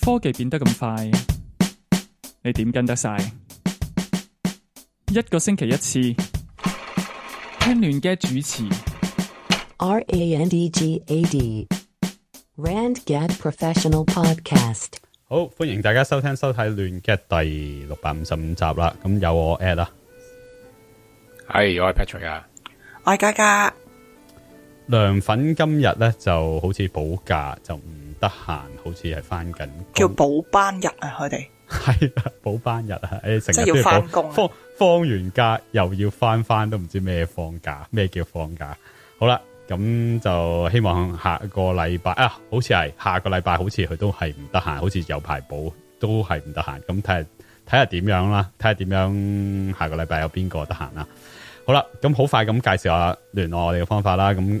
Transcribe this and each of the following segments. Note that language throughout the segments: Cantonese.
科技變得咁快，你點跟得晒？一個星期一次聽亂嘅主持，R A N D G A D e Professional Podcast。好，歡迎大家收聽收睇亂嘅第六百五十五集啦。咁有我 Ed 啦，係我 Patrick 啊，我係嘉嘉。涼粉今日咧就好似補假，就唔得閒，好似係翻緊工，叫補班日啊，佢哋係啊，補 班日啊，誒、哎，成日都要翻工放放，放完假又要翻翻，都唔知咩放假咩叫放假。好啦，咁就希望下個禮拜啊，好似係下個禮拜，好似佢都係唔得閒，好似有排補都係唔得閒。咁睇睇下點樣啦，睇下點樣下個禮拜有邊個得閒啦。好啦，咁好快咁介紹下聯絡我哋嘅方法啦。咁。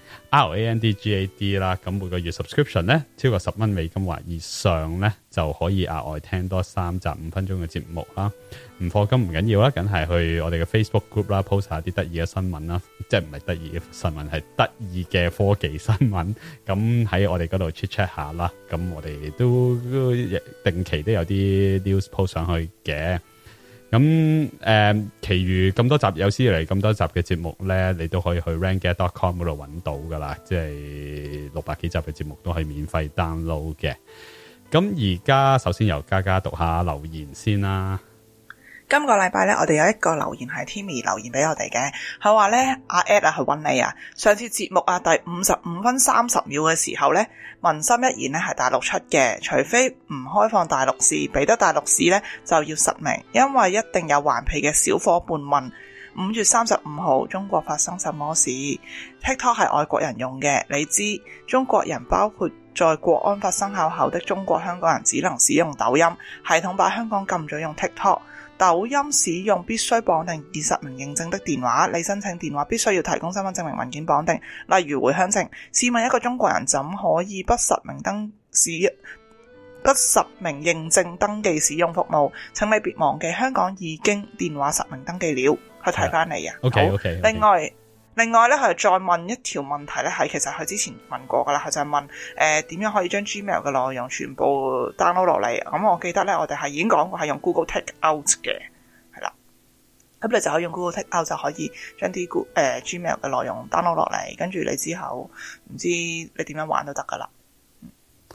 R A N D G A D 啦，咁每個月 subscription 咧超過十蚊美金或以上咧，就可以額外聽多三集五分鐘嘅節目啦。唔課金唔緊要啦，梗係去我哋嘅 Facebook group 啦，post 下啲得意嘅新聞啦，即係唔係得意嘅新聞，係得意嘅科技新聞。咁喺我哋嗰度 chat chat 下啦，咁我哋都定期都有啲 news post 上去嘅。咁誒、呃，其餘咁多集有史以嚟，咁多集嘅節目咧，你都可以去 rangad.com 嗰度揾到噶啦，即係六百幾集嘅節目都可以免費 download 嘅。咁而家首先由嘉嘉讀下留言先啦。今個禮拜咧，我哋有一個留言係 Timmy 留言俾我哋嘅，佢話咧，阿 Ed 啊，去揾你啊，上次節目啊，第五十五分三十秒嘅時候咧，文心一言呢係大陸出嘅，除非唔開放大陸市，俾得大陸市呢，就要實名，因為一定有頑皮嘅小伙伴問五月三十五號中國發生什麼事，TikTok 係外國人用嘅，你知中國人包括在國安發生效後的中國香港人只能使用抖音系統，把香港禁咗用 TikTok。抖音使用必須綁定實名認證的電話，你申請電話必須要提供身份證明文件綁定，例如回鄉證。試問一個中國人怎可以不實名登使不實名認證登記使用服務？請你別忘記，香港已經電話實名登記了，去睇翻你啊！好，okay, okay, okay。另外。另外咧，佢再問一條問題咧，係其實佢之前問過噶啦，佢就問誒點樣可以將 Gmail 嘅內容全部 download 落嚟？咁我記得咧，我哋係已經講過係用 Google Take Out 嘅，係啦，咁你就可以用 Google Take Out 就可以將啲 G 誒 Gmail 嘅內容 download 落嚟，跟住你之後唔知你點樣玩都得噶啦，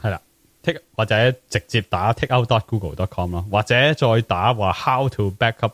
係啦，Take 或者直接打 Takeout.google.com 咯，或者再打話 How to backup。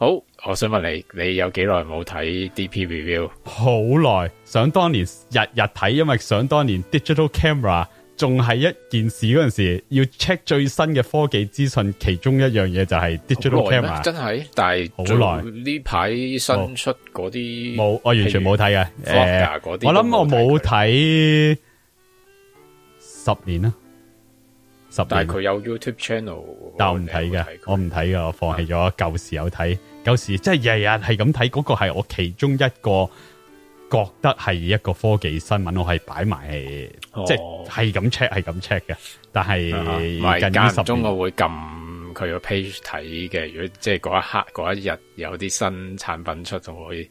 好，我想問你，你有幾耐冇睇 DPReview？好耐，想當年日日睇，因為想當年 digital camera 仲係一件事嗰陣時，要 check 最新嘅科技資訊，其中一樣嘢就係 digital camera。真係，但係好耐。呢排新出嗰啲，冇，我完全冇睇嘅。嗰啲，欸，我諗我冇睇十年啦，十年。但佢有 YouTube channel，但我唔睇嘅，我唔睇嘅，我放棄咗。舊時有睇。有時即係日日係咁睇，嗰、嗰個係我其中一個覺得係一個科技新聞，我係擺埋，即係係咁 check，係咁 check 嘅。但係唔係間唔中我會撳佢個 page 睇嘅。如果即係嗰一刻、嗰一日有啲新產品出，我可以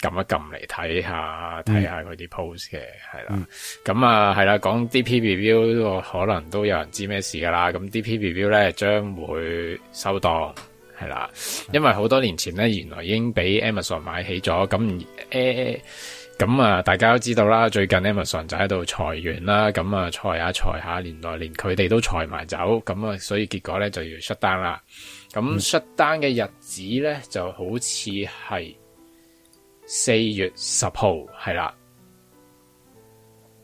撳一撳嚟睇下睇下佢啲 post 嘅，係、嗯、啦。咁啊係啦，講 DPReview 可能都有人知咩事噶啦。咁 DPReview 咧將會收檔。係啦，因為好多年前咧，原來已經俾 Amazon 買起咗，咁誒，咁、欸、啊大家都知道啦，最近 Amazon 就喺度裁員啦，咁啊裁下裁下，連來連佢哋都裁埋走，咁啊，所以結果咧就要出單啦，咁出單嘅日子咧、嗯、就好似係四月十號，係啦，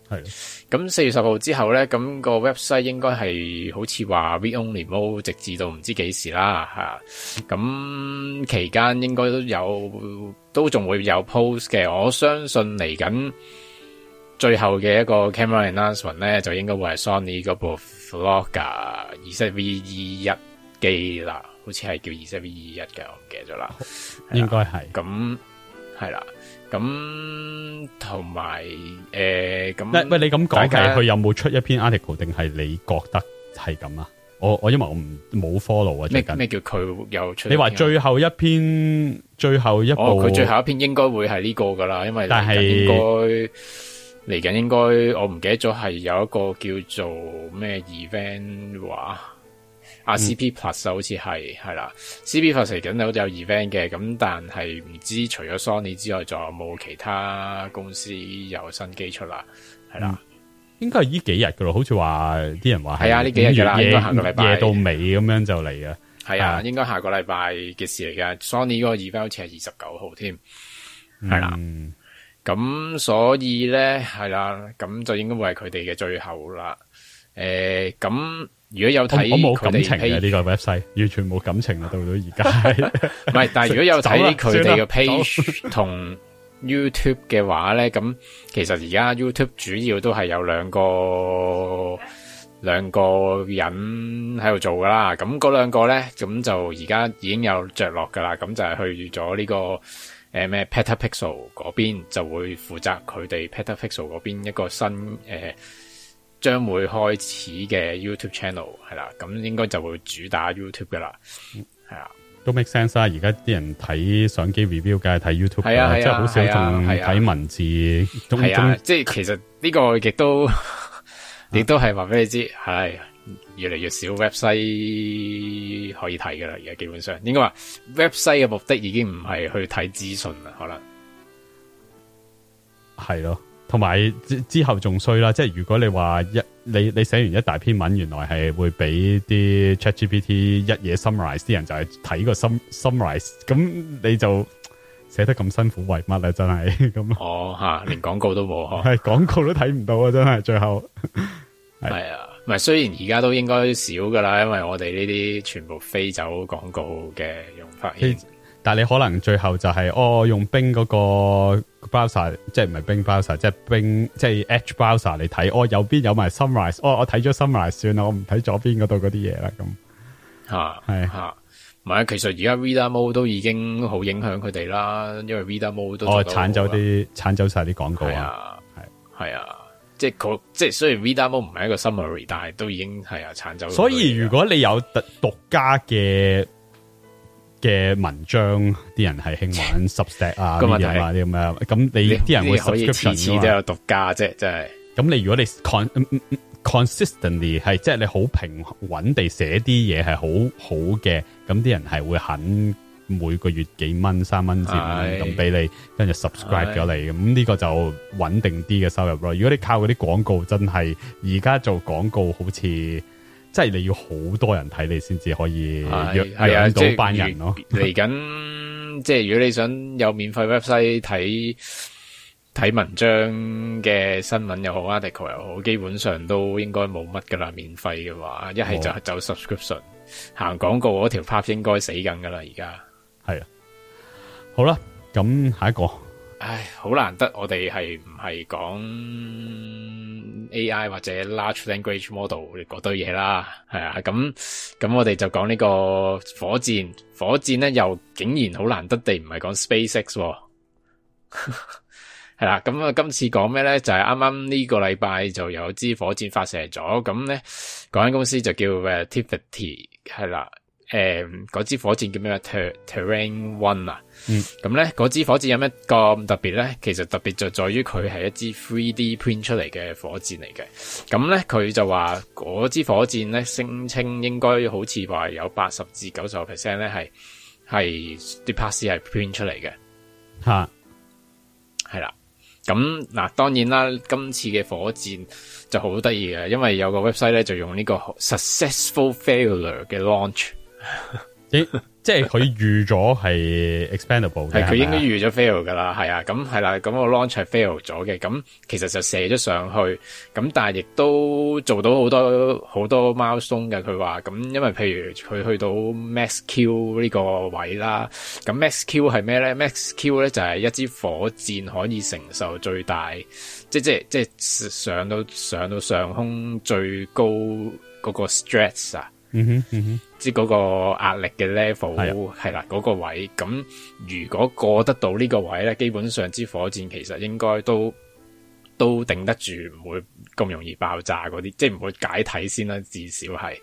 係。咁四月十號之後咧，咁、那個 website 應該係好似話 w e Only m o 直至到唔知幾時啦嚇。咁、啊、期間應該都有都仲會有 post 嘅。我相信嚟緊最後嘅一個 camera announcement 咧，就應該會係 Sony 嗰部 Vlogger ZV-E1 機啦，好似係叫 ZV-E1 嘅，我唔記得咗啦。應該係咁，係啦。咁同埋誒，咁喂喂，你咁講嘅佢有冇出一篇 article？定係你覺得係咁啊？我我因為我唔冇 follow 啊，咩咩叫佢有出，你話最後一篇最後一部，佢最後一篇應該會係呢個噶啦，因為但係應該嚟緊應該我唔記得咗係有一個叫做咩 event 話。阿、啊啊、CP Plus 好似係係啦，CP Plus 嚟緊有有 event 嘅，咁但係唔知除咗 Sony 之外，仲有冇其他公司有新機出啦係啦，應該係呢幾日噶咯，好似話啲人話係啊，呢幾日啦，應該下個禮拜到尾咁樣就嚟啊。係啊，應該下個禮拜嘅事嚟噶，Sony 嗰個 event 好似係二十九號添，係啦。咁、嗯、所以咧係啦，咁就應該會係佢哋嘅最後啦。誒、呃、咁。如果有睇我冇感情嘅呢個 website 完全冇感情啦， 到到而家。唔 係，但係如果有睇佢哋嘅 page 同 YouTube 嘅話咧，咁其實而家 YouTube 主要都係有兩個 兩個人喺度做噶啦。咁嗰兩個咧，咁就而家已經有着落噶啦。咁就係去咗呢、這個誒咩 Petapixel 嗰邊，就會負責佢哋 Petapixel 嗰邊一個新誒。呃將會開始嘅 YouTube channel 係啦，咁應該就會主打 YouTube 噶啦，係啦，都 make sense 啦、啊。而家啲人睇相機 review，梗係睇 YouTube，係啊、啊，即係好少仲睇、啊啊、文字，係啊，即係其實呢個亦都亦都係話俾你知，係、啊、越嚟越少 website 可以睇噶啦。而家基本上，應該話 website 嘅目的已經唔係去睇資訊啦，可能係咯。同埋之後仲衰啦，即係如果你話一你你寫完一大篇文，原來係會俾啲 ChatGPT 一嘢 summarise 啲人就係睇個 sum summarise，咁你就寫得咁辛苦為乜咧？真係咁哦吓，連廣告都冇，係廣告都睇唔到啊！真係最後係啊，唔係雖然而家都應該少㗎喇，因為我哋呢啲全部飛走廣告嘅用法。但你可能最後就係、是，我、哦、用 Bing 嗰個 browser，即係唔係 Bing browser，即係 Bing 即係 Edge browser 嚟睇、哦哦。我右邊有埋 summary，i 我我睇咗 summarize 算啦，我唔睇左邊嗰度嗰啲嘢啦咁。嚇係唔係其實而家 reader mode 都已經好影響佢哋啦，因為 reader mode 都我鏟、哦、走啲鏟走曬啲廣告啊。係係啊，即係即係雖然 reader mode 唔係一個 summary，但係都已經係啊鏟走。所以如果你有獨獨家嘅。嘅文章，啲人係興玩 subscribe 啊，呢啲咁樣，咁你啲人會 subscribe 都有獨家啫，真係。咁你如果你 con, consistently 係，即係你好平穩地寫啲嘢係好好嘅，咁啲人係會肯每個月幾蚊三蚊至五蚊紙咁俾你，跟住 subscribe 咗你咁，呢個就穩定啲嘅收入咯。如果你靠嗰啲廣告真，真係而家做廣告好似～即係你要好多人睇，你先至可以養啊，養到班人咯。嚟緊， 即係如果你想有免費 website 睇睇文章嘅新聞又好，article 又 好，基本上都應該冇乜噶啦。免費嘅話，一係就走 subscription、哦、行廣告嗰條 part 應該死緊噶啦。而家係啊，好啦，咁下一個。唉，好難得我哋係唔係講 AI 或者 Large Language Model 嗰堆嘢啦，係啊，咁咁我哋就講呢個火箭，火箭咧又竟然好難得地唔係講 SpaceX，係、哦、啦，咁啊今次講咩咧就係啱啱呢個禮拜就有支火箭發射咗，咁咧嗰間公司就叫 Relativity 係啦。誒、嗯，嗰支火箭叫咩啊 Ter-？Terrain One 啊，嗯，咁咧嗰支火箭有咩咁特別咧？其實特別就在於佢係一支 3D print 出嚟嘅火箭嚟嘅，咁咧佢就話嗰支火箭咧聲稱應該好似話有八十至九十 percent 咧係係啲 pass 係 print 出嚟嘅，吓、啊，係啦，咁嗱當然啦，今次嘅火箭就好得意嘅，因為有個 website 咧就用呢個 successful failure 嘅 launch。你 即係佢預咗係 expandable 嘅，佢 應該預咗 fail 噶啦，係啊，咁係啦，咁個 launch 係 fail 咗嘅，咁其實就射咗上去，咁但係亦都做到好多好多貓松嘅，佢話咁，因為譬如佢去到 max Q 呢個位啦，咁 max Q 係咩咧？max Q 咧就係一支火箭可以承受最大，即係即係即係上到上到上空最高嗰個 stress 啊。嗯哼，嗯哼，即係嗰個壓力嘅 level 係啦，嗰、嗰個位咁，如果過得到呢個位咧，基本上支火箭其實應該都都頂得住，唔會咁容易爆炸嗰啲，即係唔會解體先啦，至少係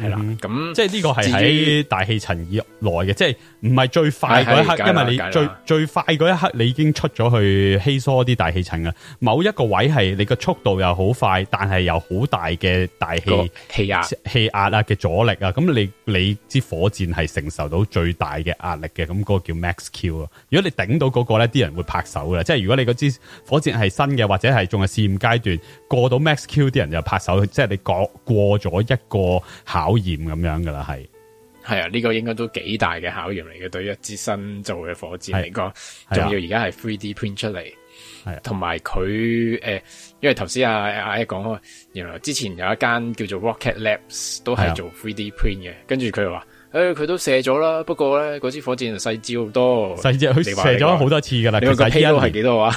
係啦，咁、嗯、即係呢個係喺大氣層以內嘅，即係。唔係最快嗰一刻是是，因為你最最快嗰一刻，你已經出咗去稀疏啲大氣層啊。某一個位係你個速度又好快，但係又好大嘅大氣氣壓氣壓啊嘅阻力啊，咁你你支火箭係承受到最大嘅壓力嘅，咁嗰個叫 max q 啊。如果你頂到嗰個咧，啲人會拍手啦，即係如果你嗰支火箭係新嘅，或者係仲係試驗階段過到 max q，啲人就拍手，即係你過過咗一個考驗咁樣噶啦，係。係啊，呢、這個應該都幾大嘅考驗嚟嘅，對於一支新造嘅火箭嚟講，仲、啊、要而家係 3D print 出嚟，係同埋佢誒，因為頭先阿阿 A 講，原來之前有一間叫做 Rocket Labs 都係做 3D print 嘅，跟住佢話。誒、哎，佢都射咗啦，不過咧嗰支火箭就細隻好多，細隻佢射咗好多次噶啦。其實個 payload 係幾多話？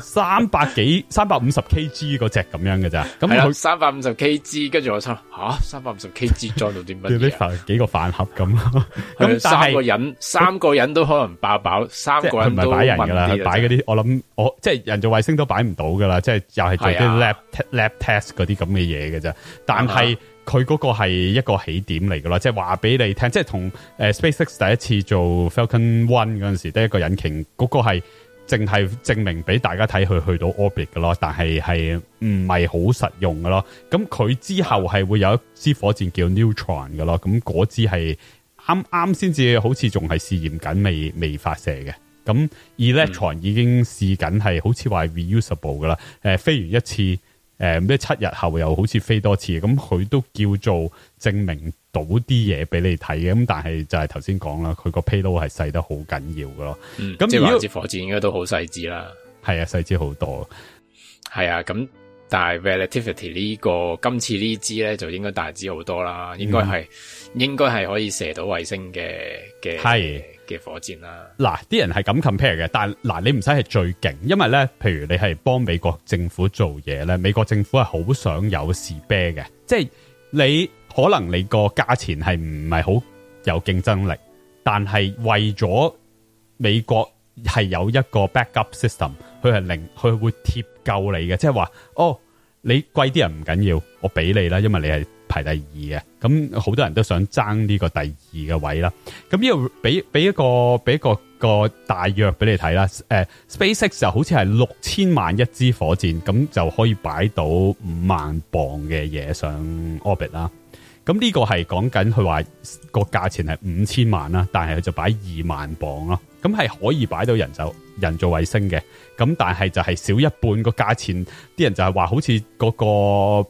三百幾，三百五十 kg 嗰隻咁樣嘅咋？咁三百五十 kg，跟住我心吓，三百五十 kg 裝到啲乜嘢？幾個飯盒咁咁 但係三個人，三個人都可能爆爆，三個人都唔係擺人噶啦，擺嗰啲我諗，我即係人造衛星都擺唔到噶啦，即係又係做啲 lab lab test 嗰啲咁嘅嘢嘅咋。但係。嗯佢嗰個係一個起點嚟嘅咯，即係話俾你聽，即係同誒 SpaceX 第一次做 Falcon One 嗰陣時得一個引擎，嗰個係淨係證明俾大家睇佢去到 orbit 嘅咯，但係係唔係好實用嘅咯？咁佢之後係會有一支火箭叫 Neutron 嘅咯，咁嗰支係啱啱先至好似仲係試驗緊，未未發射嘅。咁 Electron 已經試緊係好似話 reusable 嘅啦，誒飛完一次。誒咩七日後又好似飛多次，咁佢都叫做證明到啲嘢俾你睇嘅，咁但係就係頭先講啦，佢個 payload 係細得好緊要㗎咯。咁、嗯、即係話支火箭應該都好細致啦。係啊，細致好多。係啊，咁但係 relativity 呢、呢個今次支呢支咧就應該大支好多啦，應該係、嗯、應該係可以射到衛星嘅嘅係嘅火箭啦，嗱，啲人係咁 compare 嘅，但嗱，你唔使係最勁，因為咧，譬如你係幫美國政府做嘢咧，美國政府係好想有士啤嘅，即係你可能你個價錢係唔係好有競爭力，但係為咗美國係有一個 backup system，佢係令，佢會貼夠你嘅，即係話哦，你貴啲人唔緊要，我俾你啦，因為你係。排第二嘅，咁好多人都想爭呢個第二嘅位啦。咁呢個俾俾一個俾一個一個大約俾你睇啦。誒、呃，SpaceX 就好似係六千萬一支火箭，咁就可以擺到五萬磅嘅嘢上 orbit 啦。咁呢個係講緊佢話個價錢係五千萬啦，但係佢就擺二萬磅咯。咁係可以擺到人就人造衛星嘅，咁但係就係少一半個價錢，啲人就係話好似嗰個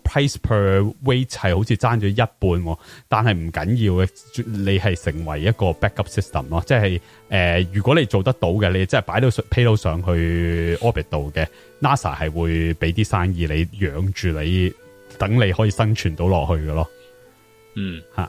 price per weight 係好似爭咗一半，哦，但係唔緊要嘅，你係成為一個 backup system 咯，即係誒、呃，如果你做得到嘅，你即係擺到 payload 上去 orbit 度嘅，NASA 係會俾啲生意你養住你，等你可以生存到落去嘅咯，嗯，吓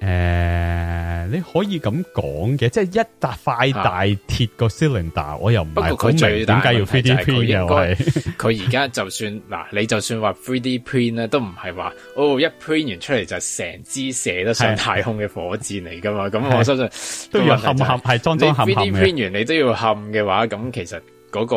誒、uh，你可以咁講嘅，即係一笪塊大鐵個 cylinder，我又唔係咁明點解要 3D print 佢，而家就算嗱， 你就算話 3D print 咧，都唔係話哦，一 print 完出嚟就成支射得上太空嘅火箭嚟噶嘛？咁我相信都要冚冚、那個就是，你 3D print 完你都要冚嘅話，咁其實嗰、那個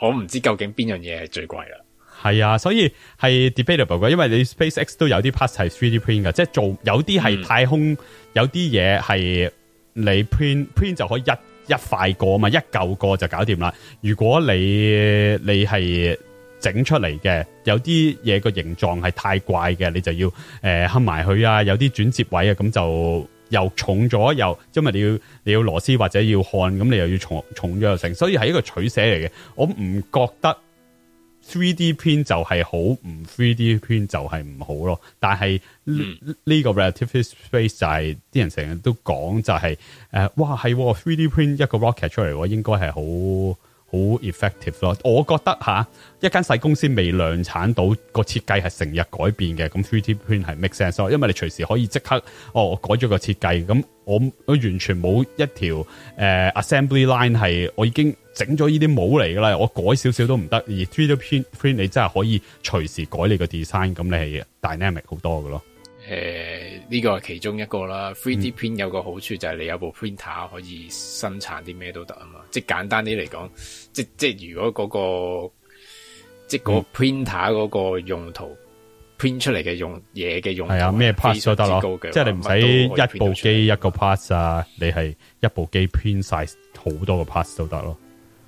我唔知究竟邊樣嘢係最貴啦。係啊，所以係 debatable 嘅，因為你 SpaceX 都有啲 part 係 3D print 嘅，即係做有啲係太空，嗯、有啲嘢係你 print print 就可以一一塊過啊嘛，一嚿過就搞掂啦。如果你你係整出嚟嘅，有啲嘢個形狀係太怪嘅，你就要誒、呃、合埋佢啊。有啲轉接位啊，咁就又重咗又，因為你要你要螺絲或者要焊，咁你又要重重咗又成，所以係一個取捨嚟嘅。我唔覺得。3D print 就係好，唔 3D print 就係唔好咯。但係呢、嗯這個 Relativity Space 就係、是、啲人成日都講就係、是，誒、呃，哇係、哦、3D print 一個 rocket 出嚟，應該係好好 effective 咯。我覺得吓，一間細公司未量產到個設計係成日改變嘅，咁 3D print 係 make sense 咯，因為你隨時可以即刻，哦，我改咗個設計，咁我我完全冇一條誒、呃、assembly line 係我已經。整咗呢啲模嚟噶啦，我改少少都唔得。而 three D print print 你真係可以隨時改你，你、呃這個 design，咁你係 dynamic 好多噶咯。呢個係其中一個啦。three D print 有個好處、嗯、就係、是、你有部 printer 可以生產啲咩都得啊嘛。即係簡單啲嚟講，即即係如果嗰、那個即係個 printer 嗰個用途、嗯、print 出嚟嘅用嘢嘅用係啊咩 pass 都得咯，即係你唔使一部機一個 pass 啊，你係一部機 print 曬好多個 pass 都得咯。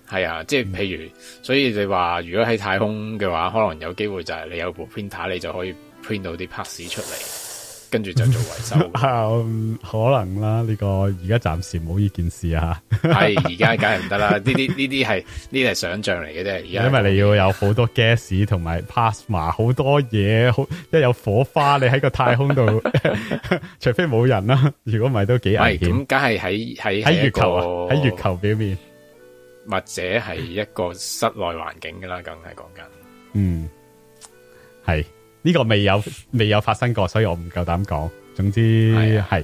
係啊，即係譬如，所以你話如果喺太空嘅話，可能有機會就係你有部 printer，你就可以 print 到啲 parts 出嚟，跟住就做維修、嗯。可能啦，呢、這個而家暫時冇呢件事啊。係而家梗係唔得啦，呢啲呢啲係呢係想象嚟嘅啫。而家因為你要有好多 gas 同埋 plasma，好多嘢，好一有火花，你喺個太空度， 除非冇人啦、啊，如果唔係都幾危險。咁梗係喺喺喺月球啊，喺月球表面。或者係一個室內環境噶啦，梗係講緊。嗯，係呢、呢個未有未有發生過， 所以我唔夠膽講。總之係，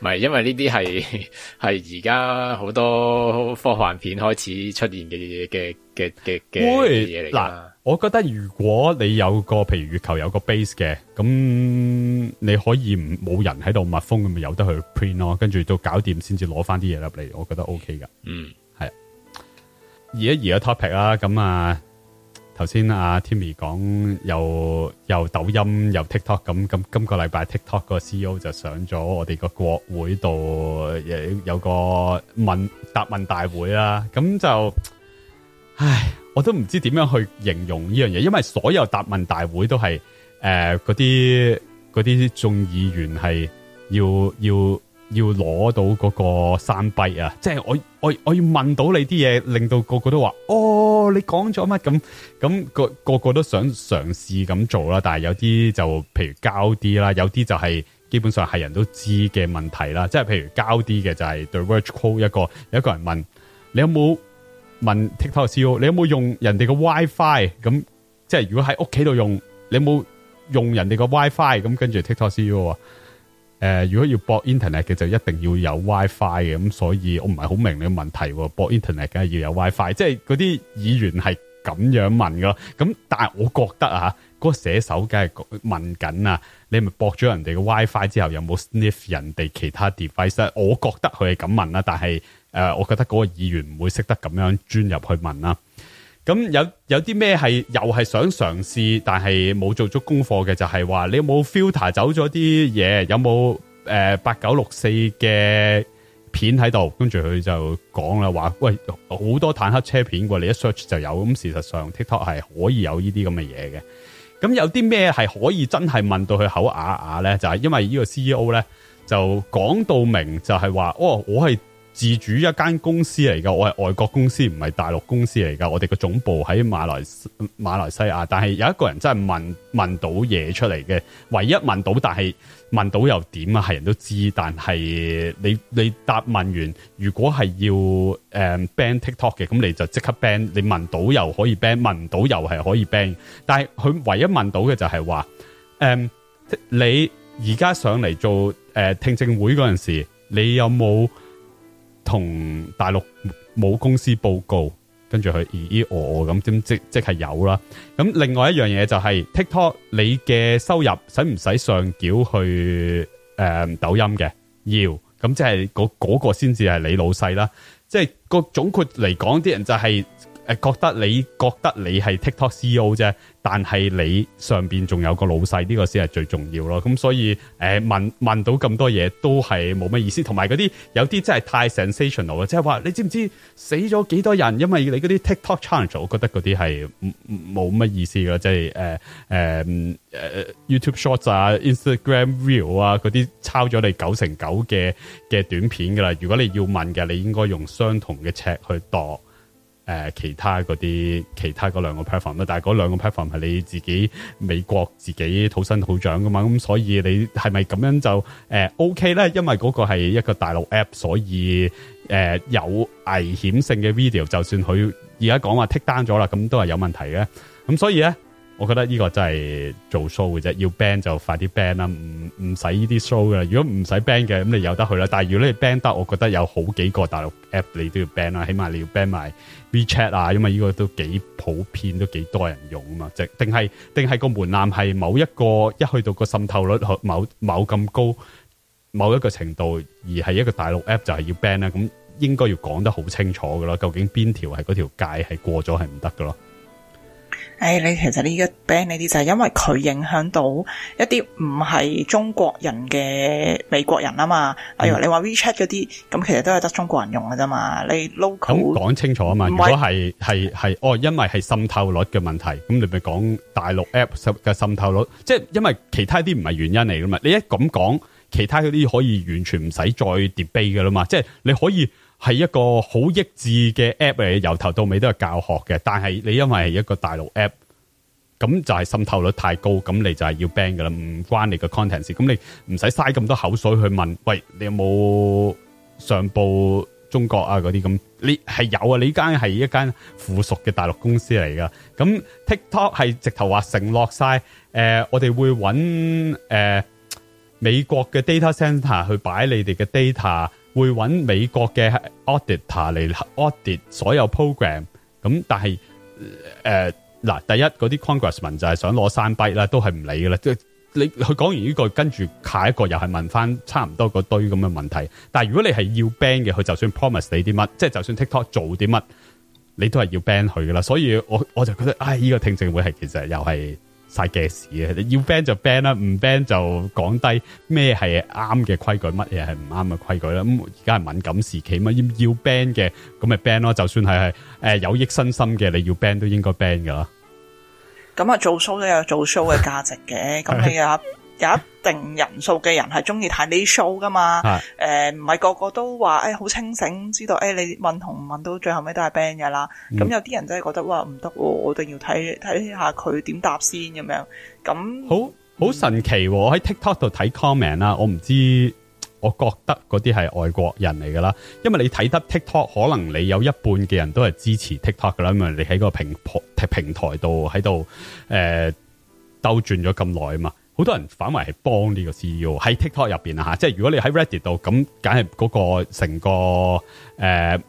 唔係、啊、因為呢啲係，係而家好多科幻片開始出現嘅嘅嘅嘅嘅嘅嘢嚟。嗱，我覺得如果你有個譬如月球有個 base 嘅，咁你可以唔冇人喺度密封咁，咪由得去 print 咯，跟住都搞掂先至攞翻啲嘢入嚟，我覺得 OK 噶。嗯。移一移 topic 啦，咁啊，頭先阿 Timmy 講又又抖音又 TikTok，咁咁今個禮拜 TikTok 個 CEO 就上咗我哋個國會度，有有個問答問大會啦，咁就，唉，我都唔知點樣去形容呢樣嘢，因為所有答問大會都係誒嗰啲嗰啲眾議員係要要。要攞到嗰個三倍啊！即係我我我要問到你啲嘢，令到個個都話：哦，你講咗乜？咁咁個個個都想嘗試咁做啦。但係有啲就譬如膠啲啦，有啲就係基本上係人都知嘅問題啦。即係譬如膠啲嘅就係對 Virtual call 一個有一個人問你有冇問 TikTok CEO，你有冇用人哋嘅 WiFi？咁即係如果喺屋企度用，你有冇用人哋嘅 WiFi？咁跟住 TikTok CEO 啊。誒、呃，如果要博 internet，嘅，就一定要有 WiFi 嘅。咁所以我唔係好明你問題。博 internet 梗係要有 WiFi，即係嗰啲議員係咁樣問噶。咁但係我覺得啊，嗰、嗰個寫手梗係問緊啊，你咪博咗人哋嘅 WiFi 之後，有冇 sniff 人哋其他 device？我覺得佢係咁問啦，但係誒、呃，我覺得嗰個議員唔會識得咁樣鑽入去問啦。咁有有啲咩係又係想嘗試，但係冇做足功課嘅，就係話你有冇 filter 走咗啲嘢，有冇誒八九六四嘅片喺度？跟住佢就講啦，話喂好多坦克車片喎，你一 search 就有。咁事實上 TikTok 係可以有呢啲咁嘅嘢嘅。咁有啲咩係可以真係問到佢口啞啞咧？就係因為呢個 CEO 咧就講到明就，就係話哦，我係。自主一間公司嚟噶，我係外國公司，唔係大陸公司嚟噶。我哋個總部喺馬來馬來西亞，但係有一個人真係問問到嘢出嚟嘅，唯一問到，但係問到又點啊？係人都知，但係你你答問完，如果係要誒、um, ban TikTok 嘅，咁你就即刻 ban。你問到又可以 ban，問到又係可以 ban。但係佢唯一問到嘅就係話，誒、嗯、你而家上嚟做誒、呃、聽證會嗰陣時，你有冇？同大陸冇公司報告，跟住佢咦咦我咁，即即即係有啦。咁另外一樣嘢就係 TikTok，你嘅收入使唔使上繳去誒抖音嘅？要，咁即係嗰嗰個先至係你老細啦。即係個總括嚟講，啲人就係。誒，覺得你覺得你係 TikTok CEO 啫，但係你上面仲有個老細，呢、呢個先係最重要咯。咁所以，誒、呃、問問到咁多嘢都係冇乜意思。同埋嗰啲有啲真係太 sensational 啊！即係話你知唔知死咗幾多人？因為你嗰啲 TikTok challenge，我覺得嗰啲係冇乜意思嘅。即係誒 YouTube Shorts 啊、Instagram View 啊嗰啲，抄咗你九成九嘅嘅短片噶啦。如果你要問嘅，你應該用相同嘅尺去度。誒、呃、其他嗰啲其他嗰兩個 platform，但係嗰兩個 platform 係你自己美國自己土生土長㗎嘛，咁所以你係咪咁樣就誒、呃、OK 咧？因為嗰個係一個大陸 app，所以誒、呃、有危險性嘅 video，就算佢而家講話剔單咗啦，咁都係有問題嘅。咁所以咧。我覺得呢個真係做 show 嘅啫，要 ban 就快啲 ban 啦，唔唔使呢啲 show 嘅。如果唔使 ban 嘅，咁你就有得去啦。但係如果你 ban 得，我覺得有好幾個大陸 app 你都要 ban 啦，起碼你要 ban 埋 WeChat 啊，因為呢個都幾普遍，都幾多人用啊嘛。即定係定係個門檻係某一個一去到個滲透率某，某某咁高某一個程度，而係一個大陸 app 就係要 ban 啦。咁應該要講得好清楚嘅咯，究竟邊條係嗰條界係過咗係唔得嘅咯？誒、哎，你其實呢個 ban 呢啲就係因為佢影響到一啲唔係中國人嘅美國人啊嘛，例、哎、如你話 WeChat 嗰啲，咁其實都係得中國人用嘅啫嘛，你 local 咁、嗯、講清楚啊嘛，如果係係係哦，因為係滲透率嘅問題，咁你咪講大陸 app 嘅滲透率，即係因為其他啲唔係原因嚟噶嘛，你一咁講，其他嗰啲可以完全唔使再 debate 嘅啦嘛，即係你可以。係一個好益智嘅 app 嚟，由頭到尾都係教學嘅。但係你因為係一個大陸 app，咁就係滲透率太高，咁你就係要 ban 噶啦，唔關你個 content 事。咁你唔使嘥咁多口水去問，喂，你有冇上報中國啊？嗰啲咁，你係有啊？呢間係一間附屬嘅大陸公司嚟噶。咁 TikTok 係直頭話承諾晒，誒，我哋會揾誒美國嘅 data center 去擺你哋嘅 data。會揾美國嘅 auditor 嚟 audit 所有 program 咁，但係誒嗱，第一嗰啲 Congressman 就係想攞山碑啦，都係唔理噶啦。即係你佢講完呢個，跟住下一個又係問翻差唔多個堆咁嘅問題。但係如果你係要 ban 嘅，佢就算 promise 你啲乜，即係就算 TikTok 做啲乜，你都係要 ban 佢噶啦。所以我我就覺得，唉，呢個聽證會係其實又係。晒嘅事，你要 ban 就 ban 啦，唔 ban 就講低咩係啱嘅規矩，乜嘢係唔啱嘅規矩啦。咁而家係敏感時期嘛，要要 ban 嘅，咁咪 ban 咯。就算係係誒有益身心嘅，你要 ban 都應該 ban 噶啦。咁啊，做 show 都有做 show 嘅價值嘅，咁 你又呢。 有一定人數嘅人係中意睇呢啲 show 噶嘛？誒，唔、呃、係個個都話誒好清醒，知道誒、哎、你問同問到最後尾都係 ban 噶啦。咁、嗯、有啲人真係覺得哇唔得，我我哋要睇睇下佢點答先咁樣。咁好好、嗯、神奇喎！喺 TikTok 度睇 comment 啦，我唔知，我覺得嗰啲係外國人嚟噶啦。因為你睇得 TikTok，可能你有一半嘅人都係支持 TikTok 噶啦。因為，你喺個平平平台度喺度誒兜轉咗咁耐啊嘛～好多人反為係幫呢個 CEO 喺 TikTok 入面。啊，即係如果你喺 Reddit 度咁，梗係嗰個成個誒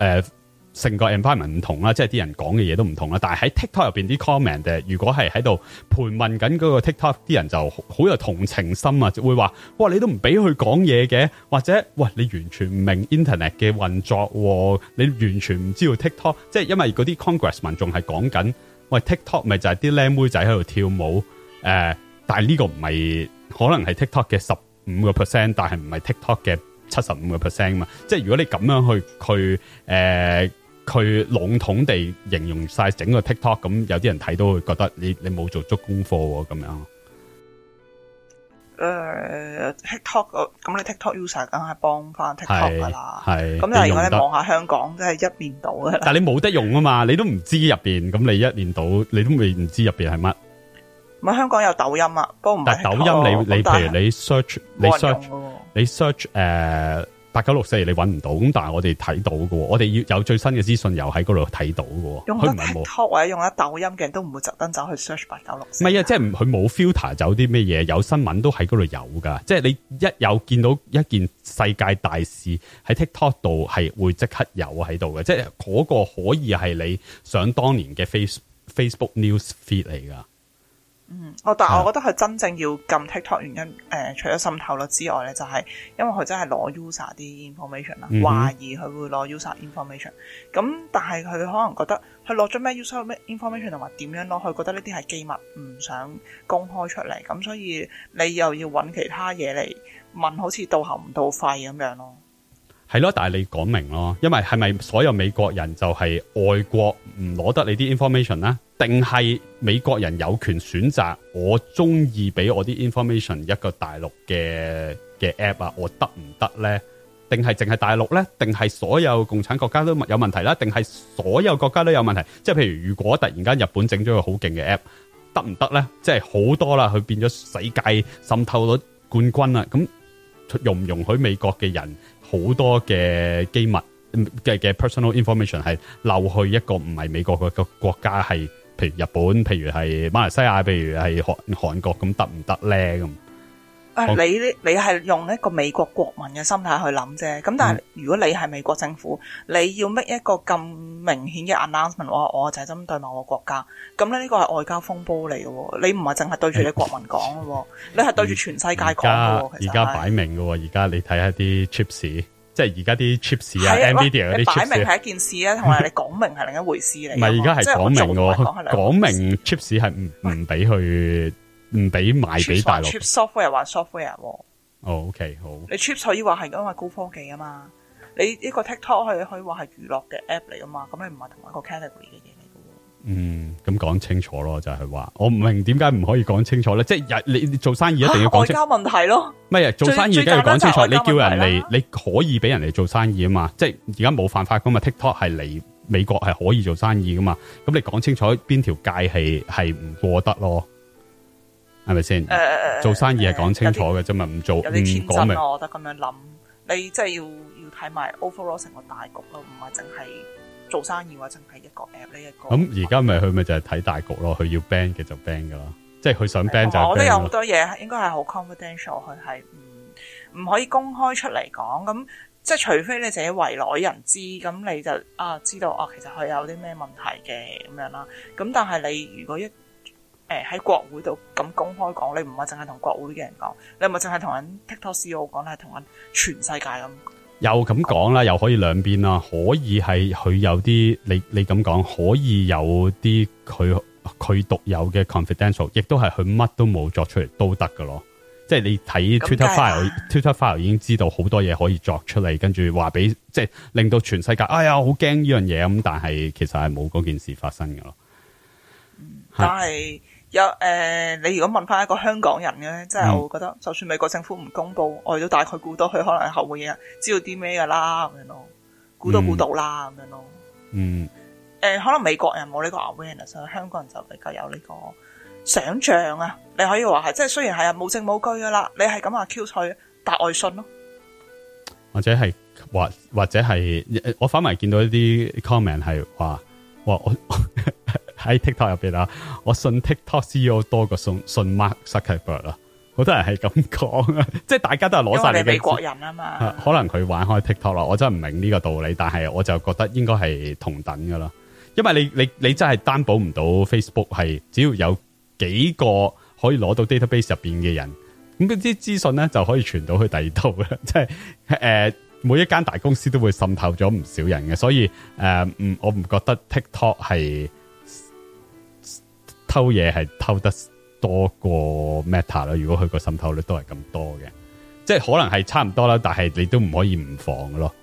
誒成個 environment 唔同啦，即係啲人講嘅嘢都唔同啦。但係喺 TikTok 入面啲 comment，如果係喺度盤問緊嗰個 TikTok 啲人，就好有同情心啊，就會話：哇，你都唔俾佢講嘢嘅，或者喂，你完全唔明 internet 嘅運作，你完全唔知道 TikTok。即係因為嗰啲 Congressman 仲係講緊，喂 TikTok 咪就係啲靚妹仔喺度跳舞誒。呃但係呢個唔係，可能係 TikTok 嘅十五個 percent，但係唔係 TikTok 嘅七十五個 percent 啊嘛。即係如果你咁樣去去誒，佢籠統地形容晒整個 TikTok，咁有啲人睇都會覺得你你冇做足功課咁樣。誒，TikTok 咁你 TikTok user 梗係幫翻 TikTok 噶啦，係。咁但係如果你望下香港，即係一面倒嘅。但係你冇得用啊嘛，你都唔知入邊，咁你一面倒，你都未唔知入邊係乜。香港有抖音啊，不過唔係抖音你、哦，你你譬如你 search，你 search，你 search，誒八九六四你搵唔、呃、到，咁但係我哋睇到噶，我哋要有最新嘅資訊又喺嗰度睇到嘅，用咗 TikTok 或者用咗抖音嘅都唔會特登走去 search 八九六四。唔係啊，即係佢冇 filter，走啲咩嘢有新聞都喺嗰度有噶，即係你一有見到一件世界大事喺 TikTok 度係會即刻有喺度嘅，即係嗰個可以係你想當年嘅 Face Facebook News Feed 嚟噶嗯，哦，但係我覺得佢真正要禁 TikTok 原因，誒、呃、除咗滲透率之外咧，就係、是、因為佢真係攞 user 啲 information 啦，懷、嗯、疑佢會攞 user information，咁但係佢可能覺得佢攞咗咩 user 咩 information 同埋點樣咯，佢覺得呢啲係機密，唔想公開出嚟，咁所以你又要揾其他嘢嚟問，好似到喉唔到肺咁樣咯。係咯，但係你講明咯，因為係咪所有美國人就係外國唔攞得你啲 information 呢？定係美國人有權選擇我中意俾我啲 information 一個大陸嘅嘅 app 啊？我得唔得呢？定係淨係大陸呢？定係所有共產國家都有問題啦？定係所有國家都有問題？即係譬如如果突然間日本整咗個好勁嘅 app 得唔得呢？即係好多啦，佢變咗世界滲透率冠軍啦，咁容唔容許美國嘅人？好多嘅機密嘅嘅 personal information 係漏去一個唔係美國嘅個國家係，譬如日本，譬如係馬來西亞，譬如係韓韓國，咁得唔得咧咁？你你係用一個美國國民嘅心態去諗啫。咁但係，如果你係美國政府，你要乜一個咁明顯嘅 announcement？話我就係針對某個國家。咁咧，呢個係外交風波嚟嘅喎。你唔係淨係對住你國民講嘅喎，你係對住全世界講喎。而家擺明嘅喎，而家你睇下啲 chip 市，即係而家啲 chip 市啊 NVIDIA 啲 chip 擺明係一件事啊，同 埋你講明係另一回事嚟。唔係而家係講明喎，講明 chip 市係唔唔俾去。唔俾賣俾大陸。cheap software 還 software，oh。哦，OK，好。你 cheap 所以話係因為高科技啊嘛。你呢個 TikTok 係可以話係娛樂嘅 app 嚟啊嘛。咁你唔係同一個 category 嘅嘢嚟嘅。嗯，咁講清楚咯，就係、是、話我唔明點解唔可以講清楚咧。即係你，你做生意一定要講清楚。外、啊、交問題咯。咩啊？做生意梗要講清楚。你叫人哋，你可以俾人哋做生意啊嘛。即係而家冇犯法噶嘛。TikTok 係嚟美國係可以做生意噶嘛？咁你講清楚邊條界係係唔過得咯？係咪先？誒、uh, 誒、uh, uh, 做生意係講清楚嘅啫嘛，唔、uh, uh, uh, 做唔講咪。明我覺得咁樣諗，你即係要要睇埋 overall 成個大局咯，唔係淨係做生意或，淨係一個 app 呢一個。咁而家咪佢咪就係睇大局咯，佢要 ban 嘅就 ban 噶啦，即係佢想 ban 就 ban 咯，嗯就 ban。我都有好多嘢，應該係好 confidential，佢係唔唔可以公開出嚟講。咁即係除非你自己圍內人知，咁你就啊知道啊，其實佢有啲咩問題嘅咁樣啦。咁但係你如果一誒、欸，喺國會度咁公開講，你唔係淨係同國會嘅人講，你唔係淨係同人 TikTok CEO 講，你係同人全世界咁。又咁講啦，又可以兩邊啦，可以係佢有啲，你你咁講，可以有啲佢佢獨有嘅 confidential，亦都係佢乜都冇作出嚟都得噶咯。即係你睇 Twitter file Twitter file 已經知道好多嘢可以作出嚟，跟住話俾即係令到全世界，哎呀好驚呢樣嘢咁，但係其實係冇嗰件事發生噶咯。但係。有誒、呃，你如果問翻一個香港人咧，即係我會覺得，就算美國政府唔公布，我哋都大概估到佢可能係後會人知道啲咩噶啦咁樣咯，估到估到啦咁樣咯。嗯。誒、嗯呃，可能美國人冇呢個 awareness，香港人就比較有呢個想象啊。你可以話係，即係雖然係啊，無證無據噶啦，你係咁 cue 佢發外信咯，或者係或或者係，我反為見到一啲 comment 係話話我。 喺 TikTok 入邊啊，我信 TikTok CEO 多過信信 Mark Zuckerberg 啊，好多人係咁講， 即係大家都係攞晒你哋美國人啊嘛。可能佢玩開 TikTok 啦，我真係唔明呢個道理，但係我就覺得應該係同等噶啦，因為你你你真係擔保唔到 Facebook 係，只要有幾個可以攞到 database 入邊嘅人，咁啲資訊咧就可以傳到去第二度啦。即係誒、呃，每一間大公司都會滲透咗唔少人嘅，所以誒，唔、呃、我唔覺得 TikTok 係。偷嘢，係偷得多過 Meta 啦，如果佢個滲透率都係咁多嘅，即係可能係差唔多啦，但係你都唔可以唔防噶咯。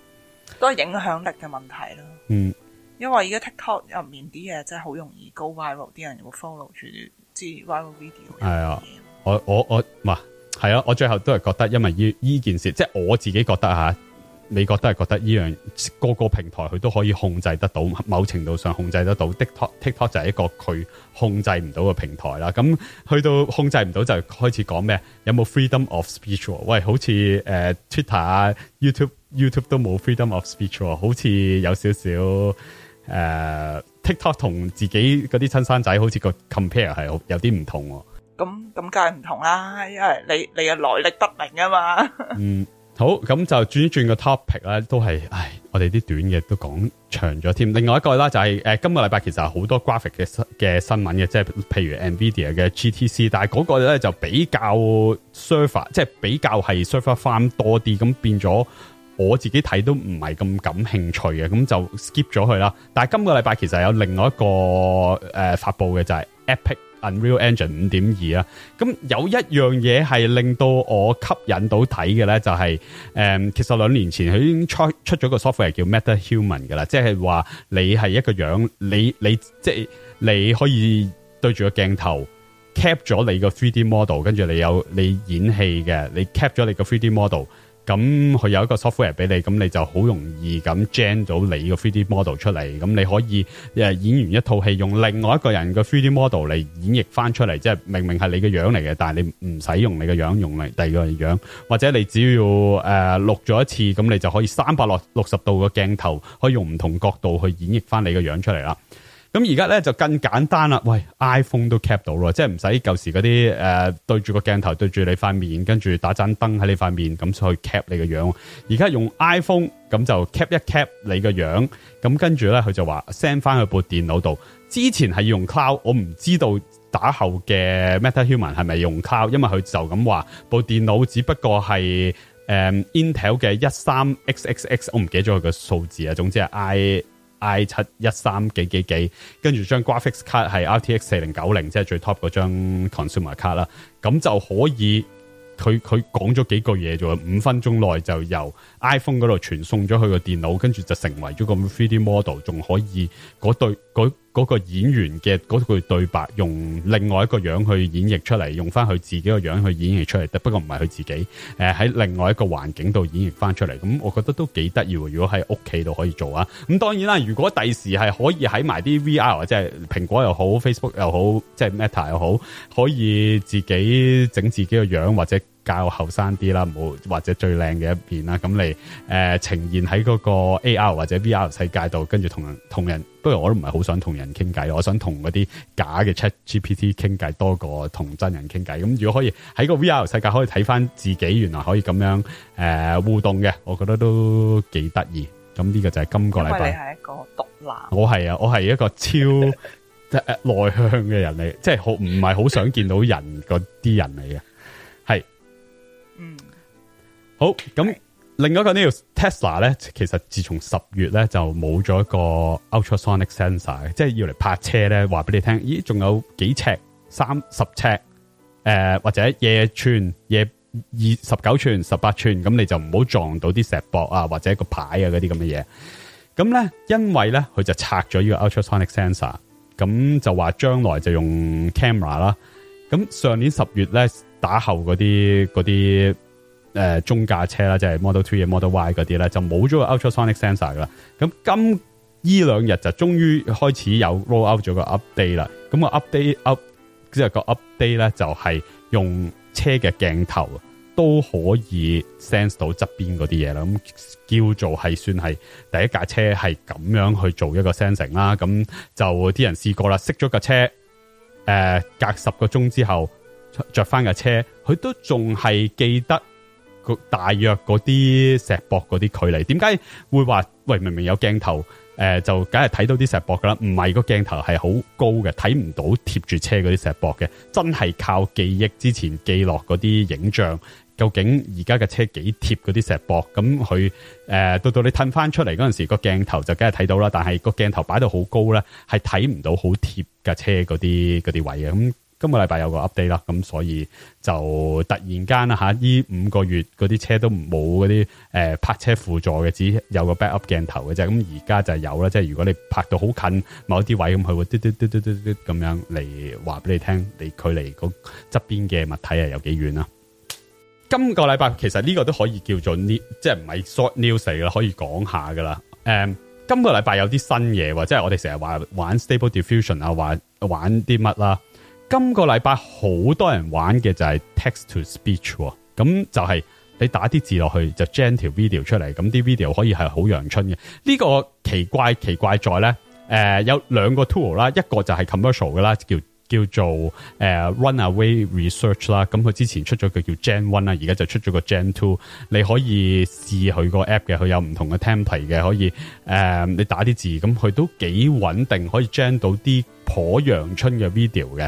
都係影響力嘅問題啦，嗯，因為而家 TikTok 入面啲嘢真係好容易高 viral，啲人會 follow 住，即 viral video。係啊，我我我，嗱係啊，我最後都係覺得，因為依依件事，即係我自己覺得吓。啊美國都係覺得呢樣個個平台佢都可以控制得到，某程度上控制得到的。TikTok, TikTok 就係一個佢控制唔到嘅平台啦。咁去到控制唔到就開始講咩？有冇 freedom of speech？喂，好似誒、呃、Twitter 啊、YouTube、YouTube 都冇 freedom of speech，好似有少少誒 TikTok 同自己嗰啲親生仔好似個 compare 係有啲唔同。咁咁梗係唔同啦，因為你你嘅來歷不明啊嘛。嗯。嗯。好，咁就轉一轉個 topic 咧，都係，唉，我哋啲短嘅都講長咗添。另外一個啦、就係，就係，誒，今個禮拜其實係好多 graphic 嘅新嘅新聞嘅，即係譬如 Nvidia 嘅 GTC，但係嗰個咧就比較 server，即係比較係 server 翻多啲，咁變咗我自己睇都唔係咁感興趣嘅，咁就 skip 咗佢啦。但係今個禮拜其實有另外一個誒、呃、發布嘅就係、係、Epic。Unreal Engine 五點二啊，咁有一樣嘢係令到我吸引到睇嘅咧，就係誒，其實兩年前佢已經出出咗個 software 叫 Meta Human 噶啦，即係話你係一個樣，你你即係、就是、你可以對住個鏡頭 cap 咗你個 three D model，跟住你有你演戲嘅，你 cap 咗你個 three D model。咁佢有一個 software 俾你，咁你就好容易咁 gen 到你個 3D model 出嚟。咁你可以誒演完一套戲，用另外一個人個 3D model 嚟演繹翻出嚟。即係明明係你嘅樣嚟嘅，但係你唔使用，用你嘅樣，用嚟第二個樣樣，或者你只要誒錄咗一次，咁你就可以三百六六十度嘅鏡頭可以用唔同角度去演繹翻你嘅樣出嚟啦。咁而家咧就更簡單啦！喂，iPhone 都 cap 到啦，即係唔使舊時嗰啲誒對住個鏡頭對住你塊面，跟住打盞燈喺你塊面咁就去 cap 你個樣。而家用 iPhone 咁就 cap 一 cap 你個樣，咁跟住咧佢就話 send 翻去部電腦度。之前係用 cloud，我唔知道打後嘅 MetaHuman 係咪用 cloud，因為佢就咁話部電腦只不過係誒、嗯、Intel 嘅一三 X X X，我唔記咗佢個數字啊，總之係 I。i 七一三幾幾幾，跟住張 graphics 卡係 RTX 四零九零，即係最 top 嗰張 consumer 卡啦，咁就可以，佢佢講咗幾句嘢就五分鐘內就由 iPhone 嗰度傳送咗佢個電腦，跟住就成為咗個 3D model，仲可以嗰對。嗰個演員嘅嗰句對白，用另外一個樣去演繹出嚟，用翻佢自己個樣去演繹出嚟，不過唔係佢自己，誒，喺另外一個環境度演繹翻出嚟，咁我覺得都幾得意喎！如果喺屋企度可以做啊，咁當然啦，如果第時係可以喺埋啲 VR 或者係蘋果又好、Facebook 又好、即係 Meta 又好，可以自己整自己個樣或者，較後生啲啦，好或者最靚嘅一邊啦，咁你誒、呃、呈，呈現喺嗰個 AR 或者 VR 世界度，跟住同人同人，不過我都唔係好想同人傾偈，我想同嗰啲假嘅 ChatGPT 傾偈多過同真人傾偈。咁如果可以喺個 VR 世界可以睇翻自己，原來可以咁樣誒、呃、互動嘅，我覺得都幾得意。咁呢個就係今個禮拜。你係一個獨男，我係啊，我係一個超誒內向嘅人嚟，即係好唔係好想見到人嗰啲人嚟嘅，係。好，咁另外一個呢個 Tesla 咧，其實自從十月咧就冇咗個 ultrasonic sensor，即係要嚟泊車咧，話俾你聽，咦，仲有幾尺，三十尺，誒、呃，或者廿吋、廿，二十九寸、十八寸，咁你就唔好撞到啲石壆啊，或者一個牌啊嗰啲咁嘅嘢。咁咧，因為咧佢就拆咗呢個 ultrasonic sensor，咁就話將來就用 camera 啦。咁上年十月咧打後嗰啲嗰啲。誒、呃，中架車啦，即係 Model t h Model Y 嗰啲咧，就冇咗個 ultrasonic sensor 噶啦。咁今依兩日就終於開始有 roll out 咗個 update 啦。咁個 update u p 即係個 update 咧，就係、是、用車嘅鏡頭都可以 sense 到側邊嗰啲嘢啦。咁叫做係算係第一架車係咁樣去做一個 s e n s i n g 啦。咁就啲人試過啦，熄咗架車，誒、呃，隔十個鐘之後着翻架車，佢都仲係記得大約嗰啲石博嗰啲距離，點解會話？喂，明明有鏡頭，呃、就梗係睇到啲石博㗎喇，唔係個鏡頭係好高嘅，睇唔到貼住車嗰啲石博嘅，真係靠記憶之前記落嗰啲影像，究竟而家嘅車幾貼嗰啲石博？咁佢誒到到你褪翻出嚟嗰陣時，鏡個鏡頭就梗係睇到啦。但係個鏡頭擺到好高咧，係睇唔到好貼嘅車嗰啲嗰啲位嘅。今個禮拜有個 update 啦，咁所以就突然間啦，吓呢五個月嗰啲車都冇嗰啲誒泊車輔助嘅，只有個 backup 鏡頭嘅啫。咁而家就有啦，即係如果你拍到好近某啲位咁，佢會嘟嘟嘟嘟嘟嘟咁樣嚟，話俾你聽，你佢離個側邊嘅物體係有幾遠啦，啊。Chevysi 今個禮拜其實呢個都可以叫做呢，即係唔係 short news 啦，可以講下噶啦。誒、嗯，今個禮拜有啲新嘢，即係我哋成日話玩 stable diffusion 啊，玩玩啲乜啦。今個禮拜好多人玩嘅就係 text to speech，咁就係你打啲字落去就 generate 條 video 出嚟，咁啲 video 可以係好陽春嘅。呢、呢個奇怪奇怪在呢，誒、呃、有兩個 tool 啦，一個就係 commercial 嘅啦，叫叫做誒、呃、Runway Research 啦，咁佢之前出咗個叫 Gen One 啦，而家就出咗個 Gen Two，你可以試佢個 app 嘅，佢有唔同嘅 template 嘅，可以誒、呃、你打啲字，咁佢都幾穩定，可以 generate 到啲頗陽春嘅 video 嘅。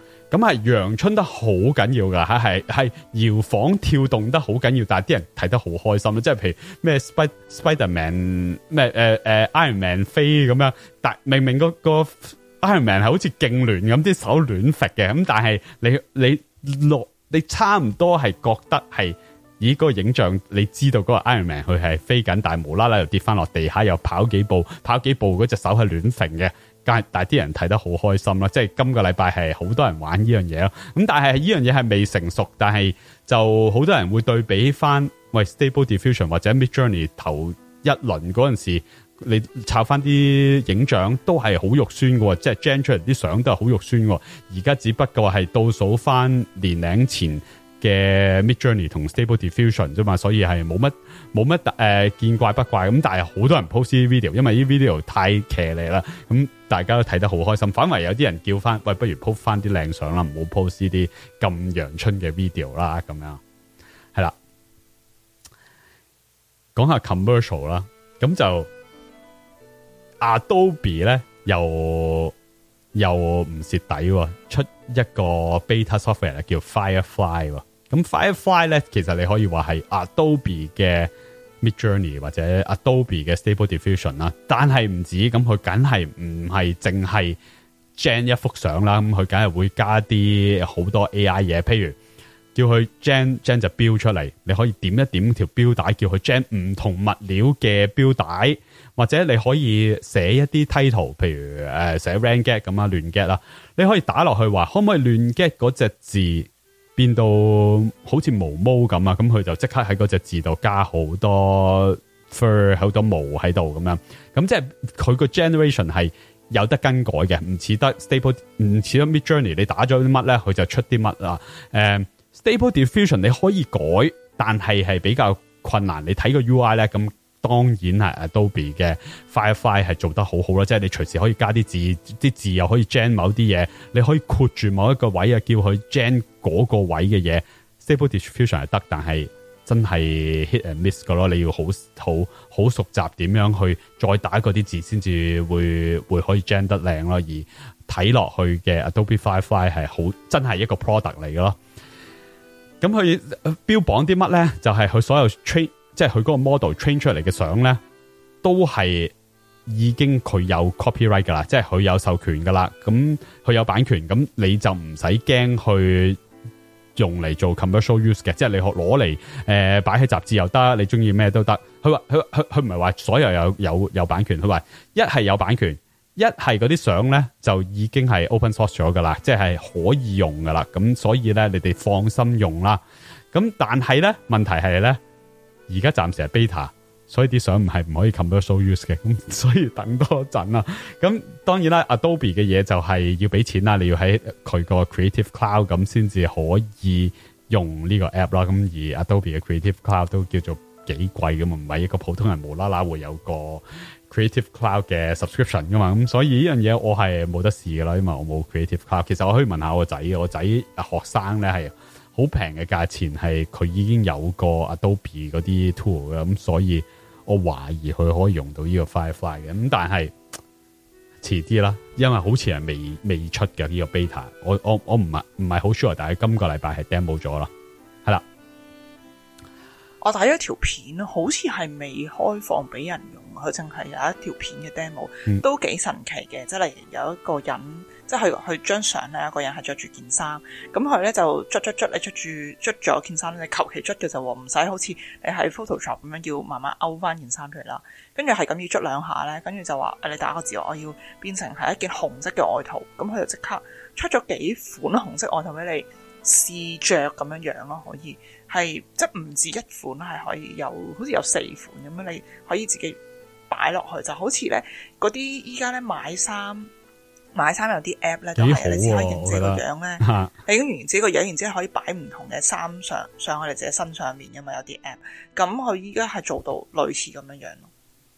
咁係陽春得好緊要噶吓，係係搖晃跳動得好緊要，但係啲人睇得好開心，即係譬如咩 Spider-Man 咩誒誒、呃呃、Iron Man 飛咁樣，但明明、嗰個、嗰個 Iron Man 係好似勁亂咁，啲手亂揈嘅，咁但係你你落你，你差唔多係覺得係以、嗰個影像，你知道嗰個 Iron Man 佢係飛緊，但係無啦啦又跌翻落地下，又跑幾步，跑幾步嗰隻手係亂揈嘅。但但啲人睇得好開心啦，即係今個禮拜係好多人玩呢樣嘢咯。咁但係呢樣嘢係未成熟，但係就好多人會對比翻喂 Stable Diffusion 或者 Midjourney 頭一輪嗰陣時，你抄翻啲影像都係好肉酸喎，即係 generate 啲相都係好肉酸㗎。而家只不過係倒數翻年零前嘅 Midjourney 同 Stable Diffusion 啫嘛，所以係冇乜。冇乜誒見怪不怪咁，但係好多人 post 啲 video，因為啲 video 太騎咧啦，咁大家都睇得好開心。反而有啲人叫翻，喂，不如 post 翻啲靚相啦，唔好 post 啲咁陽春嘅 video 啦，咁樣係啦。講下 commercial 啦，咁就 Adobe 咧，又又唔蝕底，出一個 beta software 啊，叫 Firefly。咁 Firefly 咧，其實你可以話係 Adobe 嘅 Midjourney 或者 Adobe 嘅 Stable Diffusion 啦，但係唔止，咁佢梗係唔係淨係 gen 一幅相啦，咁佢梗係會加啲好多 AI 嘢，譬如叫佢 gen gen 隻標出嚟，你可以點一點條標帶叫佢 gen 唔同物料嘅標帶，或者你可以寫一啲 title，譬如誒、呃、寫 range 咁啊亂 get 啦，Gate，你可以打落去話可唔可以亂 get 嗰隻字？變到好似毛毛咁啊，咁佢就即刻喺嗰隻字度加好多 fur 好多毛喺度咁樣，咁即係佢個 generation 係有得更改嘅，唔似得 stable，唔似得 mid journey 你打咗啲乜咧，佢就出啲乜啦，誒 stable diffusion 你可以改，但係係比較困難，你睇個 UI 咧咁。當然係 Adobe 嘅 Firefly 係做得好好啦，即係你隨時可以加啲字，啲字又可以 gen 某啲嘢，你可以括住某一個位啊，叫佢 gen 嗰個位嘅嘢。Stable Diffusion 係得，但係真係 hit and miss 㗎咯，你要好好好熟習點樣去再打嗰啲字先至會會可以 gen 得靚咯，而睇落去嘅 Adobe Firefly 係好真係一個 product 嚟㗎咯。咁佢標榜啲乜咧？就係佢所有 train 即係佢嗰個 model train 出嚟嘅相咧，都係已經佢有 copyright 噶啦，即係佢有授權噶啦。咁佢有版權，咁你就唔使驚去用嚟做 commercial use 嘅，即係你可攞嚟誒擺喺雜誌又得，你中意咩都得。佢話佢佢佢唔係話所有有有有版權，佢話一係有版權，一係嗰啲相咧就已經係 open source 咗噶啦，即係可以用噶啦。咁所以咧，你哋放心用啦。咁但係咧，問題係咧。而家暫時係 beta，所以啲相唔係唔可以 commercial use 嘅，咁 所以等多陣啦。咁當然啦，Adobe 嘅嘢就係要俾錢啦，你要喺佢個 Creative Cloud 咁先至可以用呢個 app 啦。咁而 Adobe 嘅 Creative Cloud 都叫做幾貴㗎嘛，唔係一個普通人冇啦啦會有個 Creative Cloud 嘅 subscription 噶嘛。咁所以呢樣嘢我係冇得試噶啦，因為我冇 Creative Cloud。其實我可以問下我仔，我仔學生咧係。好平嘅價錢係佢已經有個 Adobe 嗰啲 tool 嘅，咁所以我懷疑佢可以用到呢個 Firefly 嘅，咁但係遲啲啦，因為好似係未未出嘅呢、呢個 beta，我我我唔係唔係好 sure，但係今個禮拜係 demo 咗啦，係啦。我睇咗條片，好似係未開放俾人用，佢淨係有一條片嘅 demo，、嗯、都幾神奇嘅，即係有一個人。即係佢張相咧，一個人係着住件衫，咁佢咧就捽捽捽，你捽住捽咗件衫你求其捽嘅就唔使好似你喺 Photoshop 咁樣要慢慢勾翻件衫出嚟啦。跟住係咁要捽兩下咧，跟住就話：你打個字，我要變成係一件紅色嘅外套。咁佢就即刻出咗幾款紅色外套俾你試着咁樣樣咯，可以係即唔止一款，係可以有好似有四款咁樣，你可以自己擺落去，就好似咧嗰啲依家咧買衫。買衫有啲 app 咧，就係你只可以影自己個樣咧，影完自己個樣，然之後可以擺唔同嘅衫上上我哋自己身上面嘅嘛，有啲 app。咁佢依家係做到類似咁樣樣咯。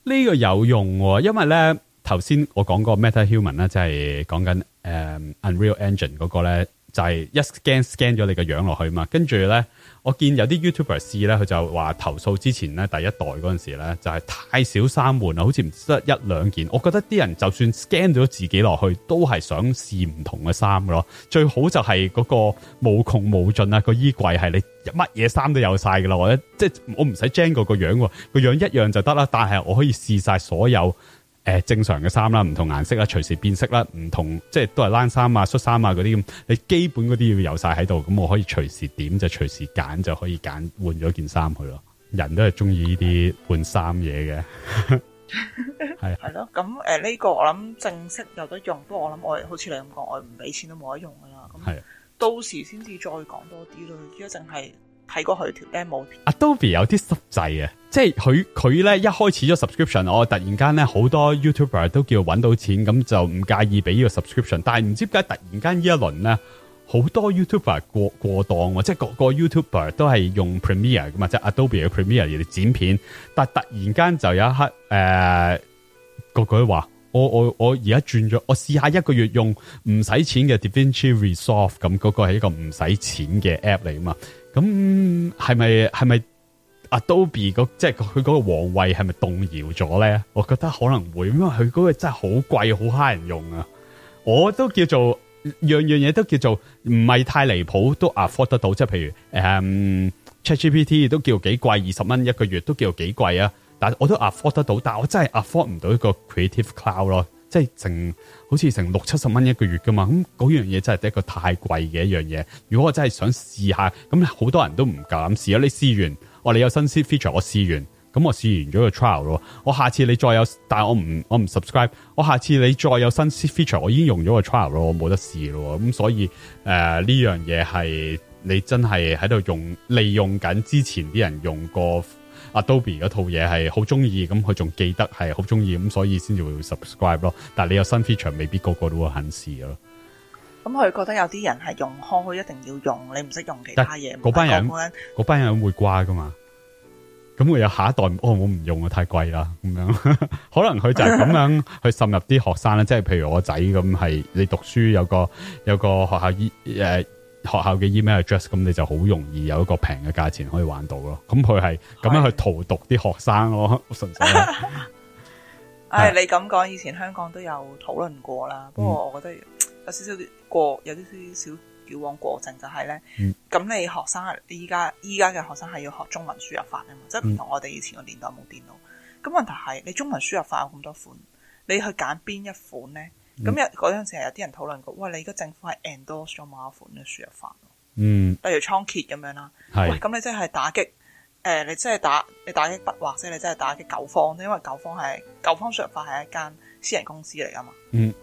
呢個有用哦，因為咧頭先我講過 Meta Human 咧，就係講緊誒 Unreal Engine 嗰個咧，就係一 scan scan 咗你個樣落去嘛，跟住咧。我見有啲 YouTuber 試呢，佢就話投訴之前呢，第一代嗰陣時呢，就係太少衫換啦，好似唔得一兩件。我覺得啲人就算 scan 咗自己落去，都係想試唔同嘅衫嘅咯。最好就係嗰個無窮無盡啊，個衣櫃係你乜嘢衫都有晒嘅咯，或者即係我唔使 change 個個樣喎，個樣一樣就得啦。但係我可以試晒所有。誒，正常嘅衫啦，唔同顏色啦，隨時變色啦，唔同即係都係冷衫啊、恤衫啊嗰啲咁，你基本嗰啲要有晒喺度，咁我可以隨時點就隨時揀就可以揀換咗件衫去咯。人都係中意呢啲換衫嘢嘅，係係咯。咁 誒， 呢個我諗正式有得用，不過我諗我好似你咁講，我唔俾錢都冇得用噶啦。咁，到時先至再講多啲咯。如果淨係睇過佢條 demo。Adobe 有啲濕滯啊，即係佢佢咧一開始咗 subscription，我突然間咧好多 YouTuber 都叫揾到錢，咁就唔介意俾呢個 subscription。但係唔知點解突然間呢一輪咧，好多 YouTuber 過過檔即係個個 YouTuber 都係用 Premiere 噶嘛，即係 Adobe 嘅 Premiere 嚟剪片。但係突然間就有一刻誒，呃、個個都話，我我我而家轉咗，我,我,我試下一個月用唔使錢嘅 Da Vinci Resolve 咁，嗰個係一個唔使錢嘅 app 嚟嘛。咁係咪係咪 Adobe 嗰，即係佢嗰個皇位係咪動搖咗咧？我覺得可能會，因為佢嗰個真係好貴，好蝦人用啊！我都叫做樣樣嘢都叫做唔係太離譜，都 afford 得到。即係譬如誒，嗯，ChatGPT 都叫幾貴，二十蚊一個月都叫幾貴啊！但係我都 afford 得到，但係我真係 afford 唔到一個 Creative Cloud 咯。即係成好似成六七十蚊一個月噶嘛，咁嗰樣嘢真係一個太貴嘅一樣嘢。如果我真係想試下，咁好多人都唔敢試。如、嗯、果你試完，我、哦、你有新 c feature，我試完，咁我試完咗個 trial 咯。我下次你再有，但係我唔我唔 subscribe。我下次你再有新 c feature，我已經用咗個 trial 咯，我冇得試咯。咁、嗯、所以誒呢、呃、樣嘢係你真係喺度用利用緊之前啲人用過。Adobe 嗰套嘢係好中意，咁佢仲記得係好中意，咁所以先至會 subscribe 咯。但係你有新 feature，未必個個都會肯試咯。咁佢覺得有啲人係用開，佢一定要用，你唔識用其他嘢，嗰班人嗰班人會瓜噶嘛？咁會有下一代哦，我唔用啊，太貴啦，咁樣。 可能佢就係咁樣去滲入啲學生啦，即係譬如我仔咁係，你讀書有個有個學校，依、呃、誒。學校嘅 email address，咁你就好容易有一個平嘅價錢可以玩到咯。咁佢係咁樣去荼毒啲學生咯，純粹。唉， 你咁講，以前香港都有討論過啦、嗯。不過我覺得有少少啲過，有啲少少矯枉過剩就係、是、咧。咁、嗯、你學生係依家依家嘅學生係要學中文輸入法啊嘛，即係唔同我哋以前個年代冇電腦。咁、嗯、問題係你中文輸入法有咁多款，你去揀邊一款呢？咁、嗯、有嗰陣時，係有啲人討論過，喂，你而家政府係 endorse 咗某一款嘅輸入法，嗯，例如倉頡咁樣啦。係，喂，咁你即係打擊誒、呃？你即係打你打擊筆，或者你即係打擊九方，因為九方係九方輸入法係一間私人公司嚟㗎嘛。嗯，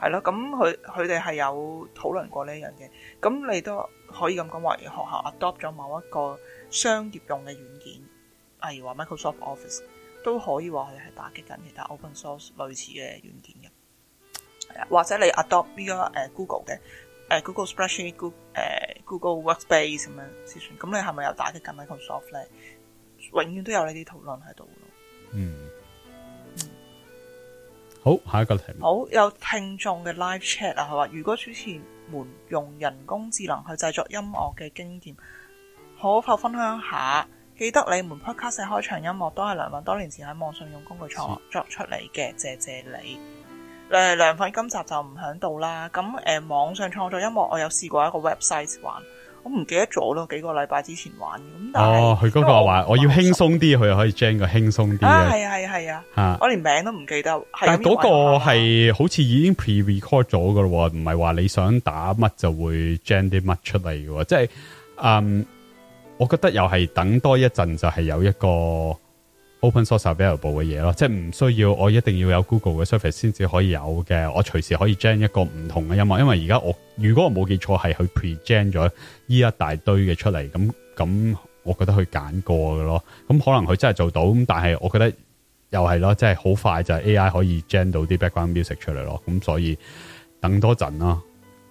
係咯。咁佢佢哋係有討論過呢樣嘢。咁你都可以咁講話，學校 adopt 咗某一個商業用嘅軟件，例如話 Microsoft Office，都可以話佢係打擊緊其他 open source 類似嘅軟件嘅。或者你 adopt 呢、這個誒、呃、Google 嘅誒、呃、Google Spreadsheet，Google Go、呃、Workspace 咁樣，咁你係咪有打擊緊 Microsoft 嚟？永遠都有呢啲討論喺度。嗯，好，下一個題目。好，有聽眾嘅 live chat 啊，係話如果主持們用人工智能去製作音樂嘅經驗，可否分享下？記得你們 podcast 開場音樂都係兩萬多年前喺網上用工具創作出嚟嘅，謝謝你。誒，涼粉今集就唔喺度啦。咁誒、嗯，網上創作音樂我有試過一個 website 玩，我唔記得咗咯。幾個禮拜之前玩咁，但係哦，佢嗰個話我，我，我要輕鬆啲，佢可以 gen 個輕鬆啲，係啊係啊係啊。吓、啊啊啊啊，我連名都唔記得。但係嗰、那個係好似已經 pre-record 咗噶咯，唔係話你想打乜就會 gen 啲乜出嚟嘅。即、就、係、是，嗯，我覺得又係等多一陣就係有一個。open source available 嘅嘢咯，即係唔需要我一定要有 Google 嘅 service 先至可以有嘅，我隨時可以 gen 一個唔同嘅音樂，因為而家我如果我冇記錯係去 pre-gen 咗依一大堆嘅出嚟，咁咁我覺得佢揀過嘅咯，咁可能佢真係做到，咁但係我覺得又係咯，即係好快就係 AI 可以 gen 到啲 background music 出嚟咯，咁所以等多陣啦。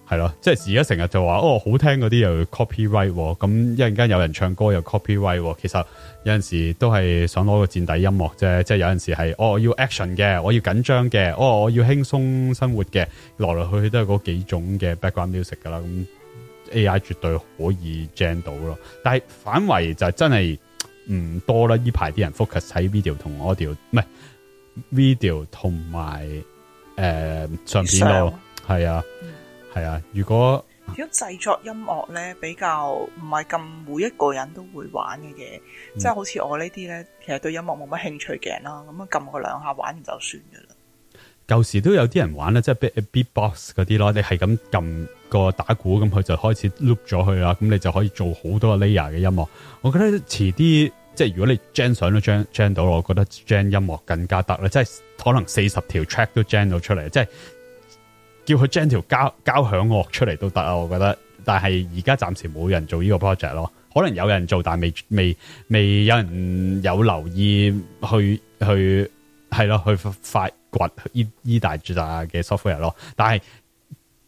係咯，即係而家成日就話哦，好聽嗰啲又 copyright，咁一陣間有人唱歌又 copyright，其實有陣時都係想攞個墊底音樂啫，即係有陣時係哦我要 action 嘅，我要緊張嘅，哦我要輕鬆生活嘅，來來去去都係嗰幾種嘅 background music 噶啦，咁 AI 絕對可以 gen 到咯，但係反為就真係唔多啦，呢排啲人 focus 喺 video 同 audio，唔係 video 同埋誒相片度，係、呃、啊。上面係啊，如果如果製作音樂咧，比較唔係咁每一個人都會玩嘅嘢，嗯，即係好似我這些呢啲咧，其實對音樂冇乜興趣嘅啦，咁啊撳佢兩下玩完就算噶啦。舊時都有啲人玩咧，即係 beatbox 嗰啲咯，你係咁撳個打鼓，咁佢就開始 loop 咗佢啦，咁你就可以做好多 layer 嘅音樂。我覺得遲啲，即係如果你 gen 上都 gen gen 到，我覺得 gen 音樂更加得咧，即係可能四十條 track 都 gen 到出嚟，即係。叫佢將條交交響樂出嚟都得啊，我覺得。但係而家暫時冇人做呢個 project 咯，可能有人做，但未未未有人有留意去去係咯，去發掘呢呢大住大嘅 software 咯。但係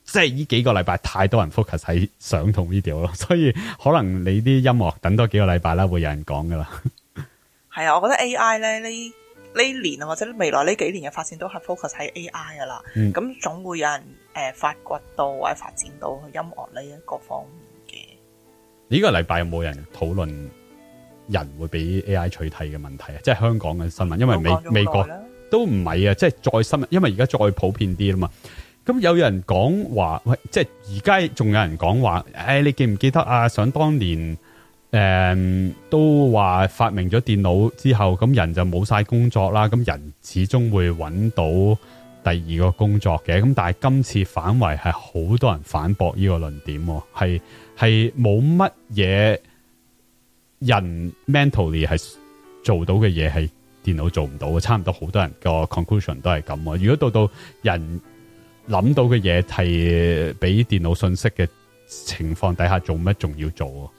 即係呢幾個禮拜太多人 focus 喺相同 video 咯，所以可能你啲音樂等多幾個禮拜啦，會有人講噶啦。係啊，我覺得 A I 咧呢。呢年啊，或者未來呢幾年嘅發展都係 focus 喺 AI 㗎啦。咁、嗯、總會有人誒發掘到或者發展到音樂呢一個方面嘅。呢、呢個禮拜有冇人討論人會俾 AI 取替嘅問題啊？即係香港嘅新聞，因為美美國都唔係啊，即係再深入，因為而家再普遍啲啦嘛。咁有人講話，喂，即係而家仲有人講話、哎，你記唔記得啊？想當年。誒、嗯，都話發明咗電腦之後，咁人就冇晒工作啦。咁人始終會揾到第二個工作嘅。咁但係今次反為係好多人反駁呢個論點，係係冇乜嘢人 mentally 係做到嘅嘢係電腦做唔到嘅。差唔多好多人個 conclusion 都係咁。如果到到人諗到嘅嘢係俾電腦信息嘅情況底下，做乜仲要做？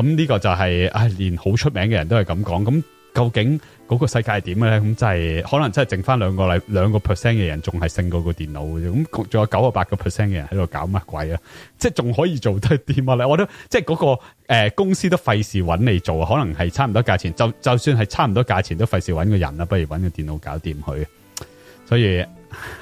咁呢個就係、是、唉、哎，連好出名嘅人都係咁講。咁究竟嗰個世界係點嘅咧？咁就係、是、可能真係剩翻兩個例，兩個 percent 嘅人仲係勝過個電腦嘅。咁仲有九啊八個 percent 嘅人喺度搞乜鬼啊？即係仲可以做得啲乜咧？我覺得即係嗰個誒、呃、公司都費事揾你做，可能係差唔多價錢。就就算係差唔多價錢，都費事揾個人啦。不如揾個電腦搞掂佢。所以。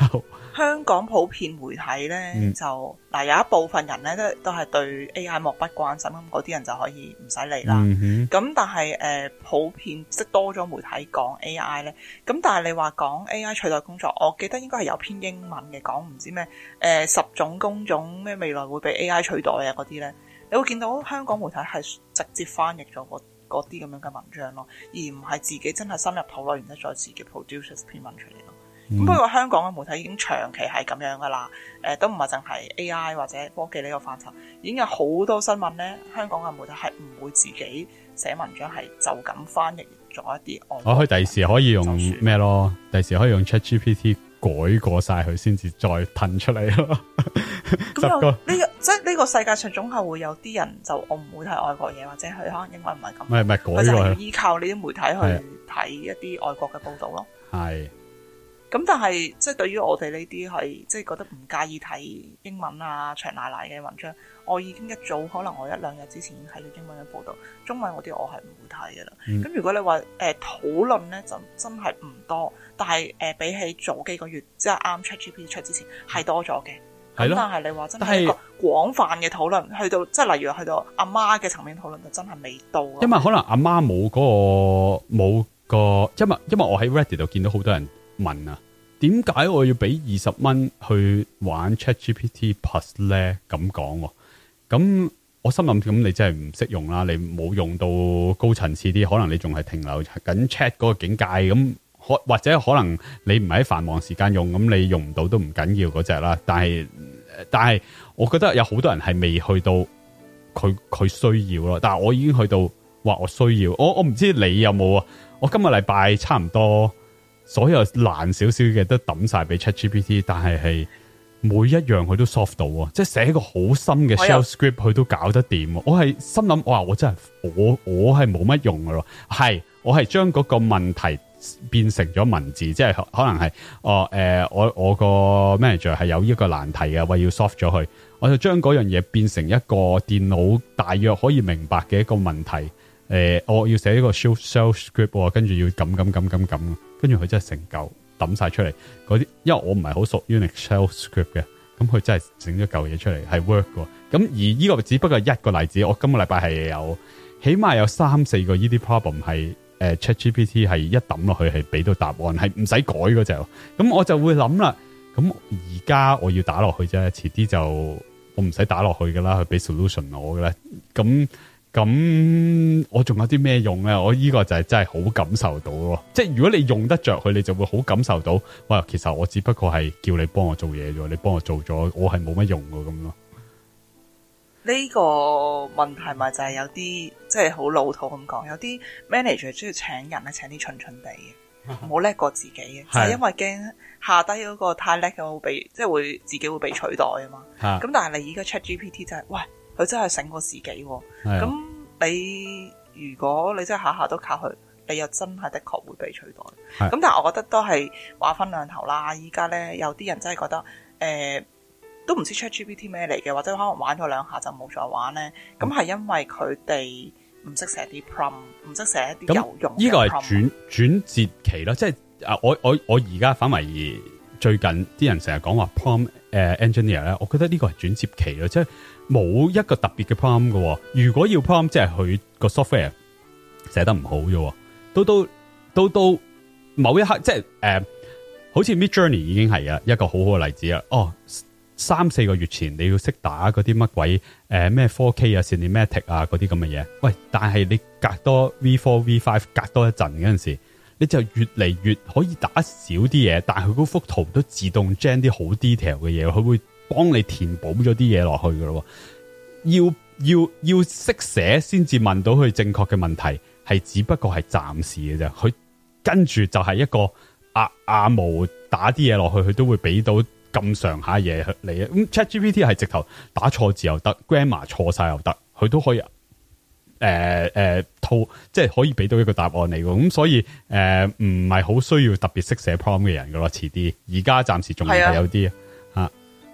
香港普遍媒體呢，嗯、就嗱有一部分人呢，都都係對 AI 漠不關心咁，嗰啲人就可以唔使理啦。咁、嗯、但係、呃、普遍識多咗媒體講 AI 呢。咁但係你話講 AI 取代工作，我記得應該係有篇英文嘅講唔知咩、呃、十種工種咩未來會被 AI 取代啊嗰啲呢。你會見到香港媒體係直接翻譯咗嗰啲咁樣嘅文章咯，而唔係自己真係深入討論，然之後再自己 produce 篇文出嚟。咁、嗯、不過香港嘅媒體已經長期係咁樣噶啦，誒、呃，都唔係淨係 AI 或者科技呢個範疇，已經有好多新聞咧，香港嘅媒體係唔會自己寫文章，係就咁翻譯咗一啲外國。我可以第時可以用咩咯？第時可以用 ChatGPT 改過晒佢，先至再噴出嚟咯。咁呢個又、這個、即係呢個世界上總係會有啲人就我唔會睇外國嘢，或者佢可能英文唔係咁，咪咪改。我就依靠呢啲媒體去睇一啲外國嘅報道咯。係。咁但係即係對於我哋呢啲係即係覺得唔介意睇英文啊長奶奶嘅文章，我已經一早可能我一兩日之前喺英文嘅報道，中文嗰啲我係唔會睇㗎啦。咁、嗯、如果你話誒討論咧，就真係唔多。但係誒、呃、比起早幾個月即係啱 ChatGPT 出之前係、嗯、多咗嘅。咁但係你話真係一個廣泛嘅討論，去到即係、即係、例如去到阿媽嘅層面討論，就真係未到。因為可能阿媽冇嗰個冇、嗰個，因為因為我喺 Reddit 度見到好多人。問啊，點解我要俾二十蚊去玩 ChatGPT Plus 咧？咁講啊，咁我心諗，咁你真係唔識用啦，你冇用到高層次啲，可能你仲係停留緊 Chat 嗰個境界，咁可或者可能你唔係喺繁忙時間用，咁你用唔到都唔緊要嗰隻啦。但係但係，我覺得有好多人係未去到佢佢需要咯。但係我已經去到話我需要，我我唔知你有冇啊？我今日禮拜差唔多。所有難少少嘅都抌晒俾 ChatGPT，但係係每一樣佢都 soft 到喎，即係寫一個好深嘅 shell script，佢都搞得掂。哎，我係心諗，哇，我真係我我係冇乜用噶咯，係我係將嗰個問題變成咗文字，即係可能係哦誒、呃，我我個 manager 係有呢個難題嘅，我要 soft 咗佢，我就將嗰樣嘢變成一個電腦大約可以明白嘅一個問題。誒、呃，我要寫一個 Shell script 喎，跟住要咁咁咁咁咁，跟住佢真係成嚿抌晒出嚟嗰啲，因為我唔係好熟 Unix Shell script 嘅，咁佢真係整咗嚿嘢出嚟係 work 喎。咁而呢個只不過係一個例子，我今個禮拜係有，起碼有三四個呢啲 problem 係、呃、ChatGPT 係一抌落去係俾到答案，係唔使改嗰隻。咁我就會諗啦，咁而家我要打落去啫，遲啲就我唔使打落去㗎啦，佢俾 solution 我㗎咧，咁。咁我仲有啲咩用咧？我依個就係、是、真係好感受到咯，即係如果你用得着佢，你就會好感受到。哇，其實我只不過係叫你幫我做嘢啫，你幫我做咗，我係冇乜用㗎。咁咯。呢、這個問題咪就係有啲即係好老土咁講，有啲 manager 中意請人咧，請啲蠢蠢地嘅，冇、uh-huh. 叻過自己嘅，uh-huh. 就係因為驚下低嗰個太叻嘅會畀，即、就、係、是、會自己會畀取代啊嘛。咁、uh-huh. 但係你而家 Chat GPT 就係、是、喂。佢真係醒過自己喎。咁、啊、你如果你真係下下都靠佢，你又真係的,的確會被取代。咁、啊、但係我覺得都係話分兩頭啦。依家咧有啲人真係覺得誒、呃、都唔知 ChatGPT 咩嚟嘅，或者可能玩咗兩下就冇再玩咧。咁係因為佢哋唔識寫啲 prompt，唔識寫啲有用嘅。咁呢個係轉,轉接期咯，即係啊！我我我而家反為最近啲人成日講話 prompt 誒 engineer 咧，我覺得呢個係轉接期咯，即係。冇一個特別嘅 prom 嘅，如果要 prom 即係佢個 software 寫得唔好啫，到到到到某一刻即係誒、呃，好似 Midjourney 已經係啊一個好好嘅例子啊。哦，三四個月前你要識打嗰啲乜鬼誒咩 4K 啊，cinematic 啊嗰啲咁嘅嘢，喂，但係你隔多 V4、V5 隔多一陣嗰陣時，你就越嚟越可以打少啲嘢，但係佢嗰幅圖都自動 generate 好 detail 嘅嘢，佢會。幫你填補咗啲嘢落去噶咯，要要要識寫先至問到佢正確嘅問題，係只不過係暫時嘅啫。佢跟住就係一個阿阿、啊啊、毛打啲嘢落去，佢都會俾到咁上下嘢嚟啊。咁 ChatGPT 係直頭打錯字又得，grammar 錯晒又得，佢都可以誒誒、呃呃、套，即係可以俾到一個答案嚟嘅。咁、嗯、所以誒唔係好需要特別識寫 prompt 嘅人噶咯。遲啲而家暫時仲未有啲。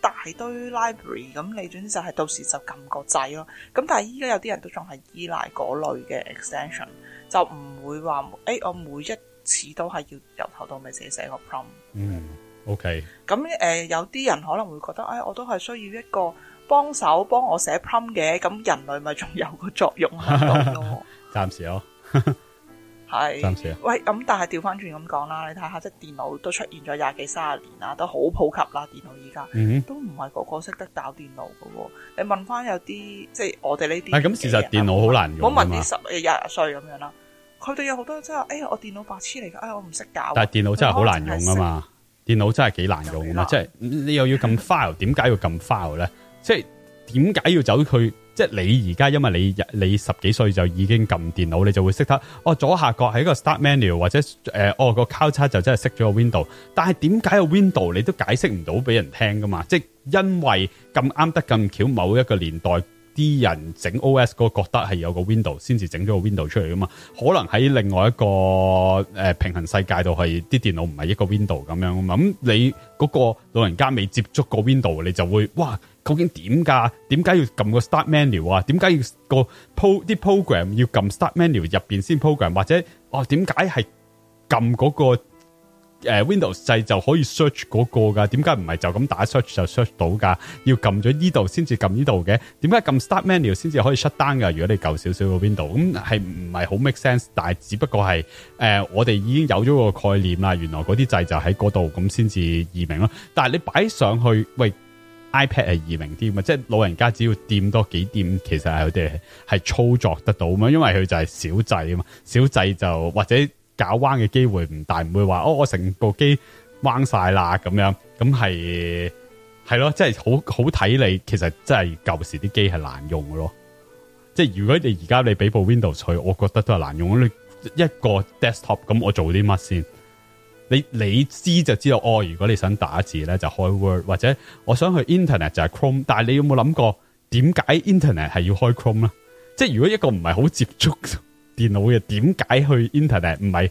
大堆 library，咁你總之就係到時就撳個掣咯。咁但係依家有啲人都仲係依賴嗰類嘅 extension，就唔會話誒、欸、我每一次都係要由頭到尾寫寫個 prompt。嗯，OK。咁、呃、誒，有啲人可能會覺得，誒、欸，我都係需要一個幫手幫我寫 prompt 嘅，咁人類咪仲有個作用喺度咯。暫 時咯了。 係。喂，咁但係調翻轉咁講啦，你睇下即係電腦都出現咗廿幾三十年啦，都好普及啦，電腦依家、嗯、都唔係個個識得搞電腦嘅喎。你問翻有啲即係我哋呢啲，咁事實電腦好難用啊嘛。我問啲十廿歲咁樣啦，佢哋有好多真係，哎呀我電腦白痴嚟㗎，哎呀我唔識搞。但係電腦真係好難用啊嘛、嗯，電腦真係幾難用啊嘛？即、嗯、係、就係、你又要撳 file，點 解要撳 file 咧？即係點解要走去？即係你而家，因為你你十幾歲就已經撳電腦，你就會識得哦左下角係一個 start menu，或者誒、呃、哦個交叉就真係熄咗個 window。但係點解個 window 你都解釋唔到俾人聽噶嘛？即係因為咁啱得咁巧，某一個年代啲人整 OS 個覺得係有個 window，先至整咗個 window 出嚟噶嘛。可能喺另外一個誒、呃、平衡世界度係啲電腦唔係一個 window 咁樣。咁你嗰個老人家未接觸過 window，你就會哇～究竟點噶？點解要撳個 Start Menu 啊？點解要個 po 啲 program 要撳 Start Menu 入邊先 program？或者哦，點解係撳嗰個誒 Windows 掣就可以 search 嗰個噶？點解唔係就咁打 search 就 search 到噶？要撳咗呢度先至撳呢度嘅？點解撳 Start Menu 先至可以 shut down 噶？如果你舊少少個 Window 咁係唔係好 make sense？但係只不過係誒，我哋已經有咗個概念啦，原來嗰啲掣就喺嗰度咁先至易明咯。但係你擺上去喂。iPad 係易明啲嘛，即係老人家只要掂多幾掂，其實係佢哋係操作得到嘛，因為佢就係小掣啊嘛，小掣就或者搞彎嘅機會唔大，唔會話哦我成部機彎晒啦咁樣，咁係係咯，即係好好睇你其實真係舊時啲機係難用咯，即係如果你而家你俾部 Windows 去，我覺得都係難用，你一個 desktop 咁我做啲乜先？你你知就知道哦。如果你想打字咧，就開 Word 或者我想去 Internet 就係 Chrome。但係你有冇諗過點解 Internet 係要開 Chrome 咧？即係如果一個唔係好接觸電腦嘅，點解去 Internet 唔係？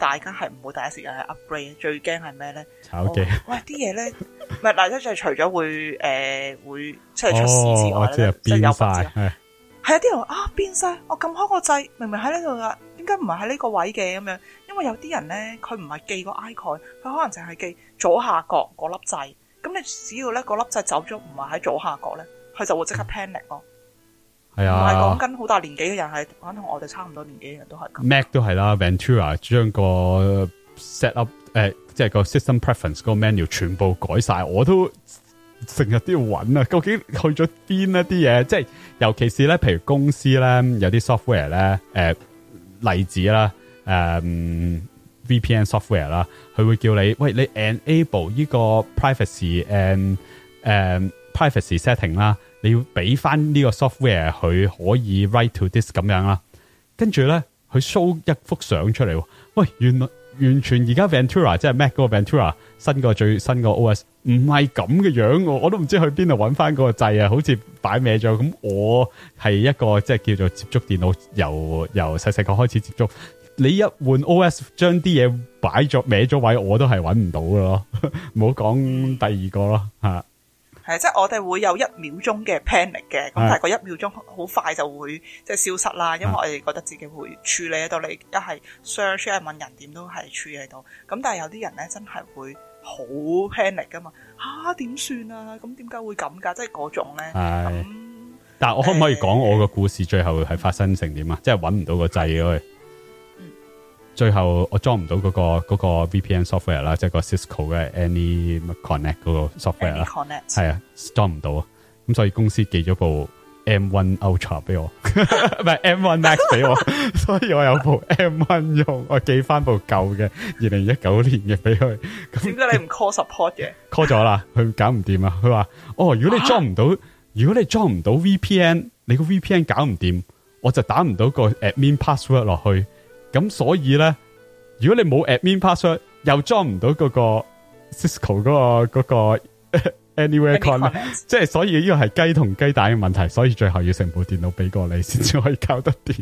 大家係唔會第一時間去 upgrade，最驚係咩咧？炒、okay. 嘢、哦。喂、哎，啲嘢咧，唔 係，大家就係除咗會誒、呃、會即係出事之外、oh, 即係變快。係啊，啲人啊變晒，我撳開個掣，明明喺呢度噶，點解唔係喺呢個位嘅咁樣？因為有啲人咧，佢唔係記個 icon，佢可能淨係記左下角嗰粒掣。咁你只要咧嗰粒掣走咗，唔係喺左下角咧，佢就會即刻 panic 咯。係啊，唔係講緊好大年紀嘅人，係講同我哋差唔多年紀嘅人都係咁。Mac 都係啦，Ventura 將個 set up 誒，即係個 system preference 個 menu 全部改晒，我都成日都要揾啊，究竟去咗邊一啲嘢即係，尤其是咧，譬如公司咧，有啲 software 咧，誒例子啦，誒 VPN software 啦，佢會叫你喂你 enable 呢個 privacy 誒誒 privacy setting 啦。你要俾翻呢個 software 佢可以 write to disk 咁樣啦，跟住咧佢 show 一幅相出嚟，喂，原來完全而家 Ventura 即係 Mac 嗰個 Ventura 新個最新個 OS 唔係咁嘅樣喎，我我都唔知去邊度搵翻嗰個掣啊，好似擺歪咗咁。我係一個即係叫做接觸電腦，由由細細個開始接觸，你一換 OS 將啲嘢擺咗歪咗位，我都係搵唔到㗎咯，唔好講第二個咯吓。誒，即係我哋會有一秒鐘嘅 panic 嘅，咁但係嗰一秒鐘好快就會即係消失啦，因為我哋覺得自己會處理得到，你一係 search，一係問人點都係處理到。咁但係有啲人咧、啊，真係會好 panic 噶嘛？吓，點算啊？咁點解會咁噶？即係嗰種咧。但係我可唔可以講我個故事最後係發生成點啊？即係搵唔到個掣。咯。最後我裝唔到嗰個嗰個 VPN software 啦，即係個 Cisco 嘅 Any Connect 嗰個 software 啦，係啊，裝唔到，咁所以公司寄咗部 M1 Ultra 俾我，唔係 M1 Max 俾我，所以我有部 M1 用，我寄翻部舊嘅二零一九年嘅俾佢。咁點解你唔 call support 嘅？call 咗啦，佢搞唔掂啊！佢話哦，如果你裝唔到，如果你裝唔到 VPN，你個 VPN 搞唔掂，我就打唔到個 admin password 落去。咁所以咧，如果你冇 admin password 又裝唔到嗰個 Cisco 嗰個嗰個 Anywhere Con，即係所以呢個係雞同雞蛋嘅問題，所以最後要成部電腦俾過你先至可以搞得掂，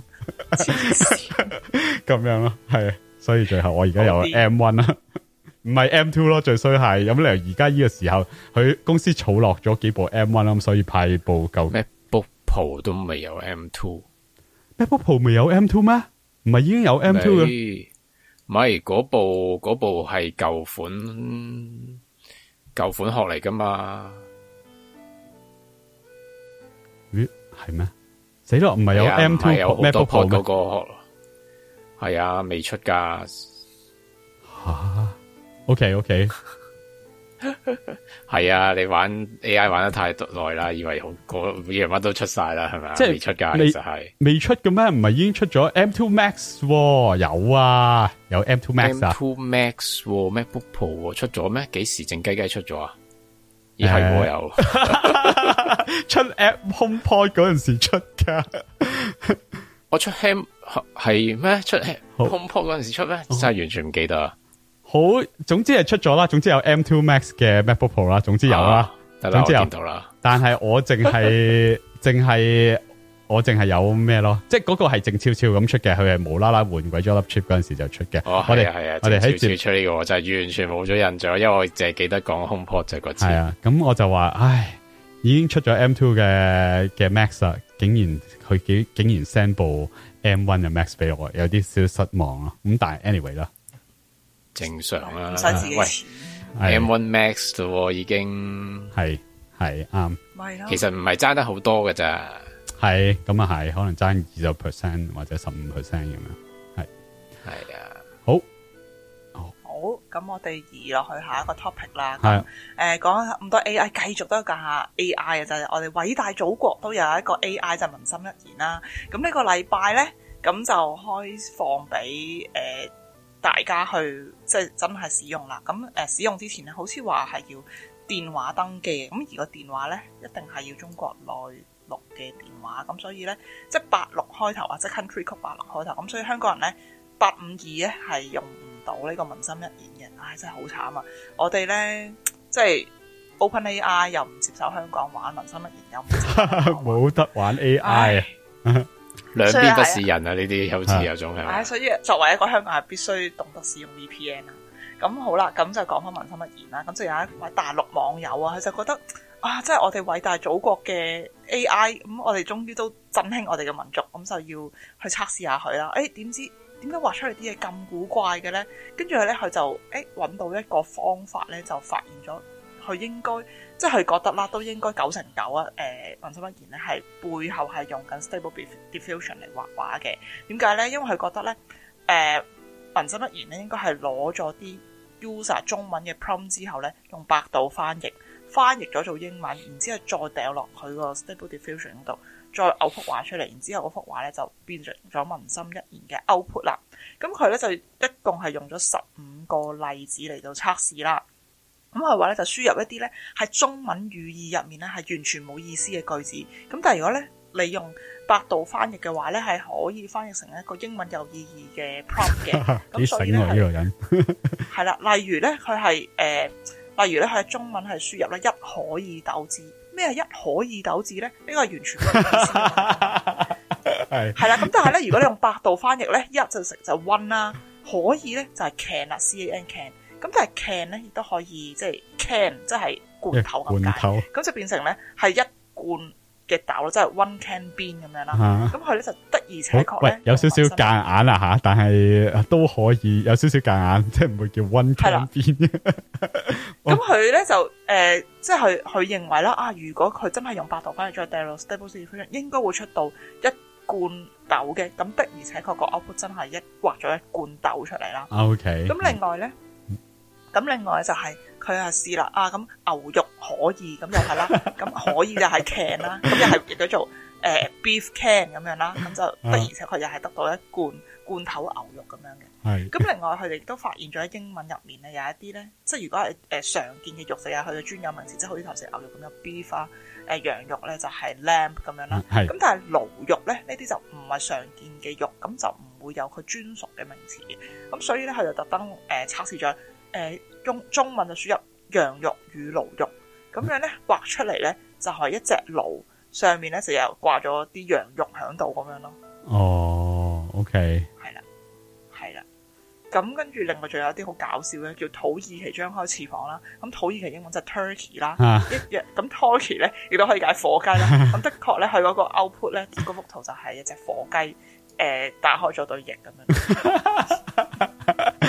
咁樣咯，係，所以最後我而家有 M one 啦，唔係 M two 咯，最衰係，有冇理由而家呢個時候，佢公司儲落咗幾部 M one 啦，咁所以派部舊，MacBook Pro 都未有 M two，MacBook Pro 未有 M two 咩？唔係已經有 M2 t 嘅，唔係嗰部嗰部係舊款舊、嗯、款殼嚟噶嘛？咦係咩？死咯，唔係有 m、哎、有 MacBook 咩？係、嗰個、啊，未出噶吓。OK OK。 係 啊，你玩 A.I. 玩得太耐啦，以為好個嘢乜都出晒啦，係咪？即係未出噶，其實係未出嘅咩？唔係已經出咗 M Two Max？、哦、有啊，有 M Two Max 啊，M Two Max、哦、MacBook Pro、哦、出咗咩？幾時靜雞雞出咗啊？而、欸、係、欸、我有 出 App Home Pod 嗰陣時出噶， 我出 h o m 係咩？出、At、Home Pod 嗰陣時出咩？真係完全唔記得。哦好，總之係出咗啦，總之有 M two Max 嘅 MacBook Pro 啦，總之有啦，啊、總之有，到但係我淨係淨係我淨係有咩咯？ 即係嗰個係靜悄悄咁出嘅，佢係無啦啦換鬼咗粒 chip 嗰陣時就出嘅。我係啊，係啊，我哋喺住出呢個我就係完全冇咗印象，因為我淨係記得講 HomePod 就嗰次。係啊，咁我就話，唉，已經出咗 M two 嘅嘅 Max 啦，竟然佢竟、竟然 send 部 M one 嘅 Max 俾我，有啲少失望啊。Anyway」咁但係 anyway 啦。正常啦，喂，M1 Max 嘅已經係係啱，其實唔係爭得好多嘅咋，係咁啊係，可能爭二十 percent 或者十五 percent 咁樣，係係啊，好，好，咁我哋移落去下一個 topic 啦，係，誒，講咁多 AI，繼續都講下 AI 啊，就係我哋偉大祖國都有一個 AI，就文心一言啦，咁呢個禮拜咧，咁就開放俾誒。大家去即係真係使用啦，咁誒、呃、使用之前咧，好似話係要電話登記嘅，咁而個電話咧一定係要中國內陸嘅電話，咁所以咧即係八六開頭或者 country code 八六開頭，咁所以香港人咧八五二咧係用唔到呢個文心一言嘅，唉、哎、真係好慘啊！我哋咧即係 open AI 又唔接受香港玩文心一言又接，又唔得，冇得玩 AI、哎。 兩邊都是人啊！呢啲好似有種係、啊啊啊啊、所以作為一個香港人，必須懂得使用 VPN 啊。咁好啦，咁就講翻文心一言啦。咁就有一位大陸網友啊，佢就覺得啊，即係我哋偉大祖國嘅 AI，咁我哋終於都振興我哋嘅民族，咁就要去測試下佢啦。誒，點知點解畫出嚟啲嘢咁古怪嘅呢？跟住咧佢就誒揾到一個方法咧，就發現咗佢應該。即係佢覺得啦，都應該九成九啊、呃！文心一言咧係背後係用緊 stable diffusion 嚟畫畫嘅。點解咧？因為佢覺得咧，誒、呃、文心一言咧應該係攞咗啲 user 中文嘅 prompt 之後咧，用百度翻譯翻譯咗做英文，然之後再掉落佢個 stable diffusion 嗰度，再勾幅畫出嚟。然之後嗰幅畫咧就變成咗文心一言嘅 output 啦。咁佢咧就一共係用咗十五個例子嚟到測試啦。咁佢話咧就輸入一啲咧喺中文語義入面咧係完全冇意思嘅句子，咁但係如果咧你用百度翻譯嘅話咧係可以翻譯成一個英文有意義嘅 prompt 嘅，咁 所以呢、這個、人係係啦，例如咧佢係誒，例如咧佢係中文係輸入咧一可以斗字，咩係一可以斗字咧？呢個係完全冇意思係啦，咁 但係咧如果你用百度翻譯咧，一就成就 one 啦，可以咧就係 can 啦 c a n can, can。咁但係 can 咧，亦、啊啊、都可以即係 can，即係罐頭咁罐頭咁就變成咧係一罐嘅豆，即係 one can bean 咁樣啦。咁佢咧就的而且確喂有少少夾硬啦吓，但係都可以有少少夾硬，即係唔會叫 one can bean 。咁佢咧就、呃、即係佢認為啦啊，如果佢真係用百度翻去再掉落 stable diffusion 應該會出到一罐豆嘅。咁的而且確個 output 真係一畫咗一罐豆出嚟啦。OK。咁另外咧。嗯咁另外就係佢又試啦啊！咁牛肉可以咁就係啦，咁可以就係 can 啦，咁又係亦都做誒 beef can 咁樣啦。咁就不而且佢又係得到一罐罐頭牛肉咁樣嘅。咁，另外佢哋都發現咗喺英文入面咧，有一啲咧，即係如果係、呃、常見嘅肉食啊，佢嘅專有名詞即係好似頭先牛肉咁樣 beef 啊，誒、呃、羊肉咧就係、是、lamb 咁樣啦。咁，但係驢肉咧呢啲就唔係常見嘅肉，咁就唔會有佢專屬嘅名詞嘅。咁所以咧，佢就特登誒測試咗。呃誒、呃，中中文就輸入羊肉與驢肉，咁樣咧畫出嚟咧就係一隻驢，上面咧就有掛咗啲羊肉喺度咁樣咯。哦、oh，OK，係啦，係啦，咁跟住另外仲有啲好搞笑嘅，叫土耳其張開翅膀啦。咁土耳其英文就 Turkey 啦，咁 Turkey 咧亦都可以解火雞啦。咁 的確咧，佢嗰個 output 咧，嗰、那個、幅圖就係一隻火雞，誒、呃，打開咗對翼咁樣。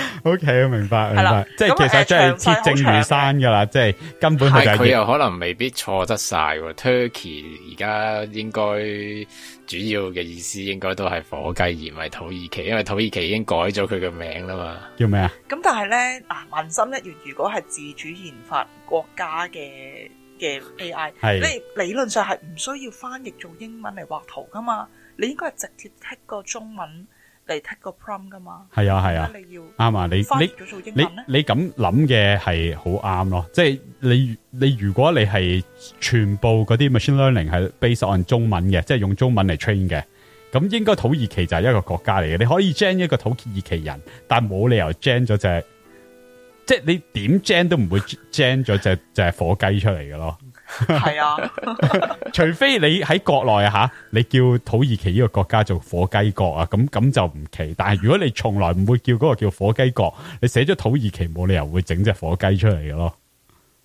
O.K. 明白，明白，嗯、即係、呃、其實真係鐵證如山噶啦、呃，即係根本佢係佢又可能未必錯得晒喎。Turkey 而家應該主要嘅意思應該都係火雞而唔係土耳其，因為土耳其已經改咗佢嘅名啦嘛。叫咩啊？咁但係咧，啊文心一言，如果係自主研發國家嘅嘅 AI，你理論上係唔需要翻譯做英文嚟畫圖噶嘛？你應該係直接剔個中文。嚟 t 個 prom 噶嘛？係啊，係啊，啊。你要啱啊！你你你咁諗嘅係好啱咯。即係你你如果你係全部嗰啲 machine learning 係 base on 中文嘅，即係用中文嚟 train 嘅，咁應該土耳其就係一個國家嚟嘅。你可以 gen 一個土耳其人，但冇理由 gen 咗隻， 即係你點 gen 都唔會 gen 咗隻就火雞出嚟嘅咯。係 是啊， 除非你喺國內啊吓，你叫土耳其呢個國家做火雞國啊，咁咁就唔奇。但係如果你從來唔會叫嗰個叫火雞國，你寫咗土耳其冇理由會整隻火雞出嚟嘅咯。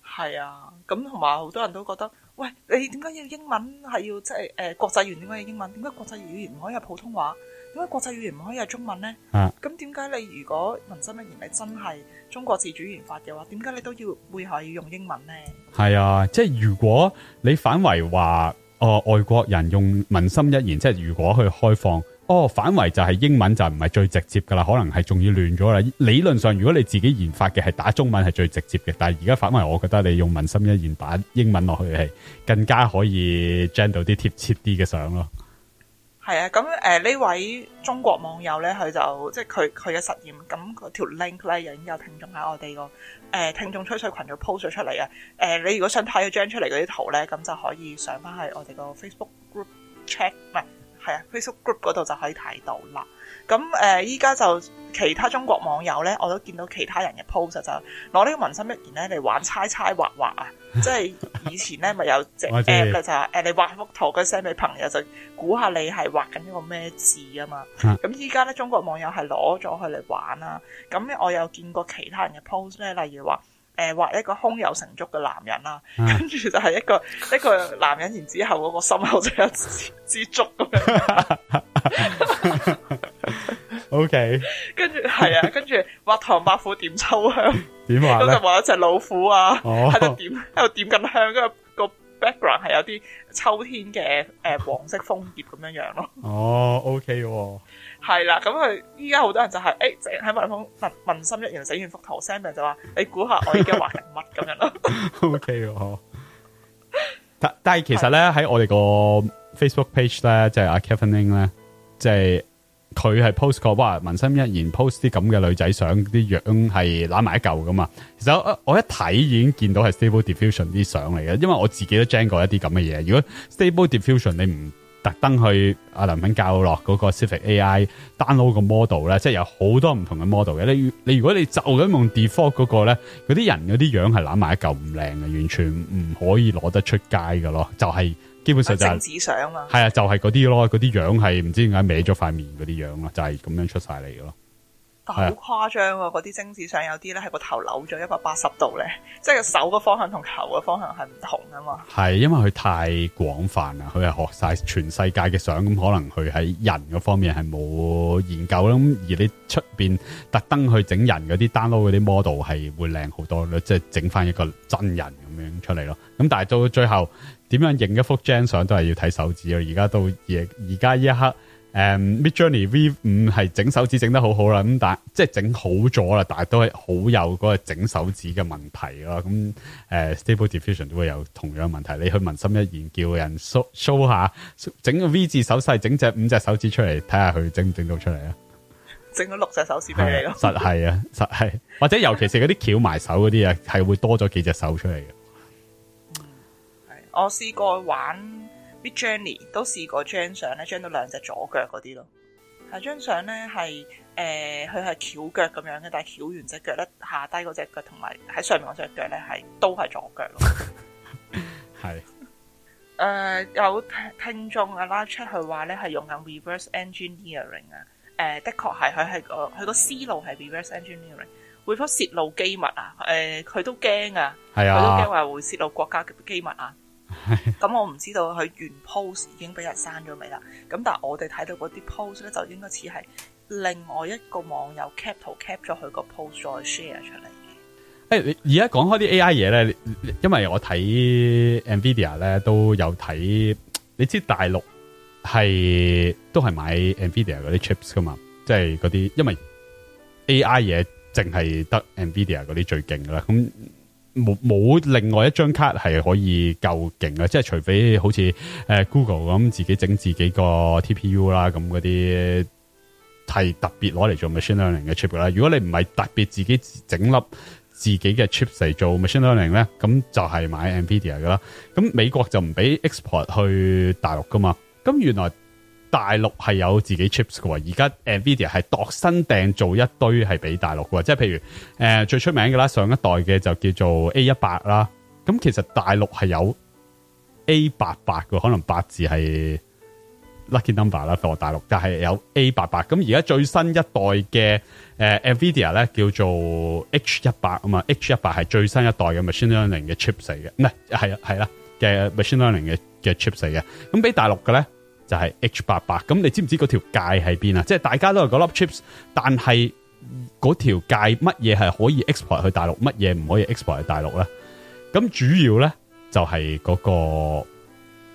係啊，咁同埋好多人都覺得，喂，你點解要英文係要即係誒國際語言，點解要英文？點解、呃、國際語言唔可以係普通話？點解國際語言唔可以係中文咧？啊，咁點解你如果文心一言你真係？中國自主研發嘅話，點解你都要會可以用英文呢？係啊，即係如果你反為話，哦、呃，外國人用文心一言，即係如果去開放，哦，反為就係英文就唔係最直接噶啦，可能係仲要亂咗啦。理論上，如果你自己研發嘅係打中文係最直接嘅，但係而家反為我覺得你用文心一言打英文落去係更加可以 generate 啲貼切啲嘅相咯。係啊，咁誒呢位中國網友咧，佢就即係佢佢嘅實驗，咁個條 link 咧已經有聽眾喺我哋個誒聽眾吹水群度 post 咗出嚟啊。誒、呃，你如果想睇嗰張出嚟嗰啲圖咧，咁就可以上翻去我哋個 Facebook group check，唔係係啊 Facebook group 嗰度就可以睇到啦。咁誒，依、呃、家就其他中國網友咧，我都見到其他人嘅 post 就攞呢個文心一言咧嚟玩猜猜畫畫啊！ 即係以前咧咪 有隻 app 咧就話、是 就是哎、你畫幅圖，跟 send 俾朋友就估下你係畫緊一個咩字啊嘛！咁依家咧中國網友係攞咗佢嚟玩啦、啊。咁我又見過其他人嘅 post 咧，例如話誒畫一個胸有成竹嘅男人啦、啊， 跟住就係一個 一個男人然之後嗰、那個心口就有支竹咁樣。 O K，跟住係啊，跟住畫唐伯虎點秋香？點話咧？咁就畫一隻老虎啊，喺度點喺度點緊香，跟住個 background 係有啲秋天嘅誒黃色楓葉咁樣樣咯。哦，O K，係啦，咁佢依家好多人就係誒整喺麥當風文文心一言整完幅圖，send 俾人就話你估下我依家畫緊乜咁樣咯。O K，哦，但但係其實咧喺我哋個 Facebook page 咧，即係阿 Kevin Ling 咧，即係。佢係 post 過哇，文心一言 post 啲咁嘅女仔相，啲樣係攬埋一嚿噶嘛。其實我，我一睇已經見到係 Stable Diffusion 啲相嚟嘅，因為我自己都 generate 過一啲咁嘅嘢。如果 Stable Diffusion 你唔、啊、特登去阿林敏教落嗰個 Civitai download 個 model 咧，即係有好多唔同嘅 model 嘅。你你如果你就咁用 default 嗰個咧，嗰啲人嗰啲樣係攬埋一嚿唔靚嘅，完全唔可以攞得出街嘅咯，就係、是。基本上就係精子相嘛，係啊，就係嗰啲咯，嗰啲樣係唔知點解歪咗塊面嗰啲樣咯，就係咁樣出晒嚟咯。但係好誇張啊，嗰啲精子相有啲咧係個頭扭咗一百八十度咧，即係個手嘅方向同頭嘅方向係唔同啊嘛。係因為佢太廣泛啦，佢係學晒全世界嘅相，咁可能佢喺人嗰方面係冇研究啦。咁而你出邊特登去整人嗰啲 download 嗰啲 model 係會靚好多咯，即係整翻一個真人咁樣出嚟咯。咁但係到最後。點樣影一幅張相、啊、都係要睇手指咯，而家到而家依一刻，誒、嗯、，Midjourney V 五係整手指整得好好啦，咁但即係整好咗啦，但係都係好有嗰個整手指嘅問題咯。咁誒、呃、，Stable Diffusion 都會有同樣問題。你去文心一言叫人 show show 下，整個 V 字手勢，整隻五隻手指出嚟，睇下佢整唔整到出嚟啊？整咗六隻手指俾你咯。實係啊，實係、啊，或者尤其是嗰啲翹埋手嗰啲啊，係會多咗幾隻手出嚟嘅。我試過玩 Big Journey，都試過張相咧，張到兩隻左腳嗰啲咯。係張相咧係誒，佢係翹腳咁樣嘅，但係翹完隻腳咧，下低嗰隻腳同埋喺上面嗰隻腳咧，係都係左腳咯。係 誒、 uh, 有聽聽眾阿拉出去話咧，係用緊 reverse engineering，uh, reverse engineering uh, 啊。誒、啊、的確係佢係個佢個思路係 reverse engineering，會否泄露機密啊？誒，佢都驚啊，係啊，佢都驚話會泄露國家嘅機密啊。咁我唔知道佢原 post 已經俾人刪咗未啦。咁但係我哋睇到嗰啲 post 咧，就應該似係另外一個網友 cap 圖 cap 咗佢個 post 再 share 出嚟嘅。誒，你而家講開啲 AI 嘢咧，因為我睇 Nvidia 咧都有睇，你知大陸係都係買 Nvidia 嗰啲 chips 噶嘛，即係嗰啲，因為 AI 嘢淨係得 Nvidia 嗰啲最勁噶啦。咁冇冇另外一張卡係可以夠勁啊！即係除非好似誒 Google 咁自己整自己個 TPU 啦，咁嗰啲係特別攞嚟做 machine learning 嘅 chip 啦。如果你唔係特別自己整粒自己嘅 chip 嚟做 machine learning 咧，咁就係買 NVIDIA 㗎啦。咁美國就唔俾 export 去大陸㗎嘛。咁原來。大陸係有自己 chips 嘅喎，而家 NVIDIA 係度身訂做一堆係俾大陸嘅喎，即係譬如、呃、最出名嘅啦，上一代嘅就叫做 A 一百啦，咁其實大陸係有 A 八八嘅，可能八字係 lucky number 啦，對我大陸，但係有 A 八八，咁而家最新一代嘅、呃、NVIDIA 咧叫做 H 一百啊嘛，H 一百係最新一代嘅 machine learning 嘅 chips 嚟嘅，唔係係啊係啦嘅 machine learning 嘅嘅 chips 嚟嘅，咁俾大陸嘅咧。就係 H88，咁你知唔知嗰條界喺邊啊？即係大家都係嗰粒 chips，但係嗰條界乜嘢係可以 export 去大陸，乜嘢唔可以 export 去大陸咧？咁主要咧就係嗰個。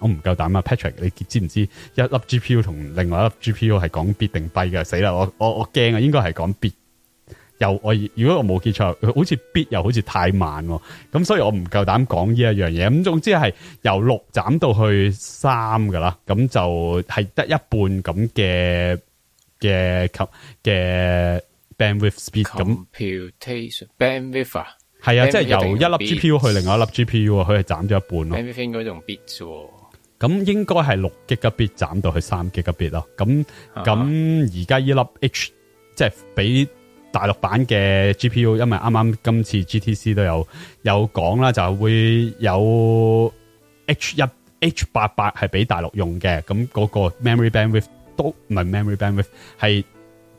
我唔夠膽啊，Patrick，你知唔知一粒 GPU 同另外一粒 GPU 係講 bit 定 byte 嘅？死啦，我我我驚啊，應該係講 bit，又我如果我冇記錯，好似 bit 又好似太慢，咁所以我唔夠膽講呢一樣嘢。咁總之係由六斬到去三噶啦，咁就係得一半咁嘅嘅嘅嘅 bandwidth speed 咁，bandwidth 啊。係啊，即係由一粒 GPU 去另外一粒 GPU，佢係斬咗一半咯。Memory 嗰種 bit 啫，咁應該係六 g 個 bit 斬到去三 g 個 bit 咯。咁咁而家呢粒 H 即係俾大陸版嘅 GPU，因為啱啱今次 GTC 都有有講啦，就會有 H 一 H 八八係俾大陸用嘅。咁嗰個 memory bandwidth 都唔係 memory bandwidth 係。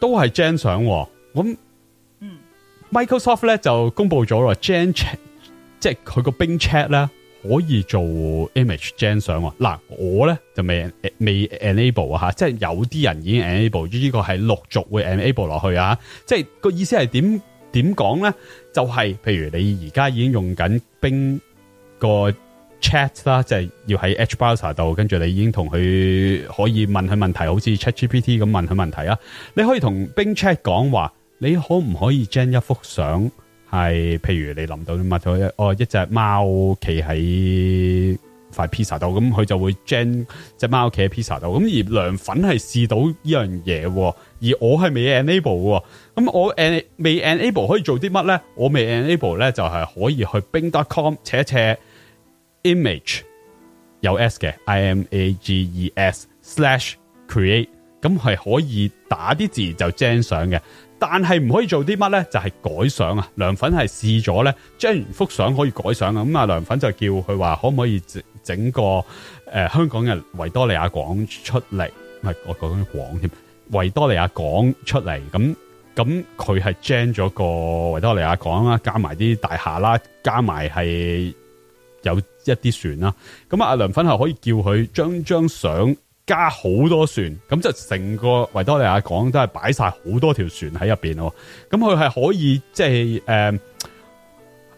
都係 Gen 相、哦，咁、嗯、Microsoft 咧就公佈咗啦、嗯、，Gen Chat，即係佢個 Bing Chat 咧可以做 Image Gen 相、哦。嗱，我咧就未未 enable 啊，吓，即係有啲人已經 enable，呢個係陸續會 enable 落去啊。即係個意思係點點講咧？就係、是，譬如你而家已經用緊 Bing 個。Chat 啦，即係要喺 Edge browser 度，跟住你已經同佢可以問佢問題，好似 ChatGPT 咁問佢問題啦。你可以同 Bing Chat 講話，你可唔可以將一幅相係，譬如你諗到乜咗，哦，一隻貓企喺塊 pizza 度，咁佢就會 gen 隻貓企喺 pizza 度。咁而涼粉係試到呢樣嘢，而我係未 enable 喎。咁我 en- 未 enable 可以做啲乜咧？我未 enable 咧就係可以去 bing.com check 一 check。image 有 S 嘅 I M A G E S slash create，咁係可以打啲字就 gen 相嘅。但係唔可以做啲乜咧，就係、是、改相啊！梁粉係試咗咧，將幅相可以改相啊！咁啊，梁粉就叫佢話可唔可以整個誒、呃、香港嘅維多利亞港出嚟，唔係我講啲廣添維多利亞港出嚟，咁咁佢係 gen 咗個維多利亞港啦，加埋啲大廈啦，加埋係有。一啲船啦，咁啊，阿梁芬係可以叫佢將張相加好多船，咁就成個維多利亞港都係擺晒好多條船喺入邊咯。咁佢係可以即係誒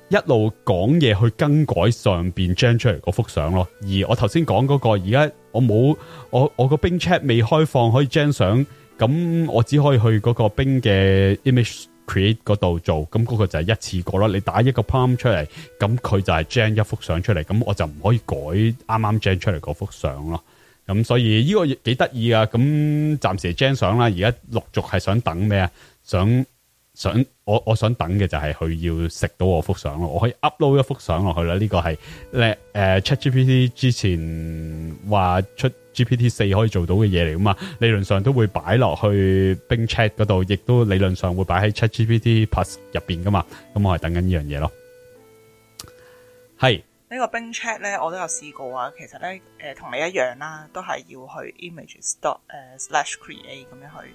一路講嘢去更改上邊張出嚟嗰幅相咯。而我頭先講嗰個，而家我冇我我個 Bing chat 未開放可以張相，咁我只可以去嗰個 Bing 嘅 image。create 嗰度做，咁、那、嗰個就係一次過囉。你打一個 prompt 出嚟，咁佢就係 generate 一幅相出嚟，咁我就唔可以改啱啱 generate 出嚟嗰幅相咯。咁所以呢個幾得意啊。咁暫時 generate 相啦，而家陸續係想等咩啊？想想我我想等嘅就係佢要食到我幅相咯，我可以 upload 一幅相落去啦。呢、這個係咧誒 ChatGPT 之前話出。GPT 四可以做到嘅嘢嚟啊嘛，理論上都會擺落去 Bing chat 嗰度，亦都理論上會擺喺 ChatGPT Plus 入邊噶嘛。咁我係等緊呢樣嘢咯。係、這個、呢個 Bing chat 咧，我都有試過啊。其實咧，誒、呃、同你一樣啦，都係要去 image dot、uh, 誒 slash create 咁樣去誒、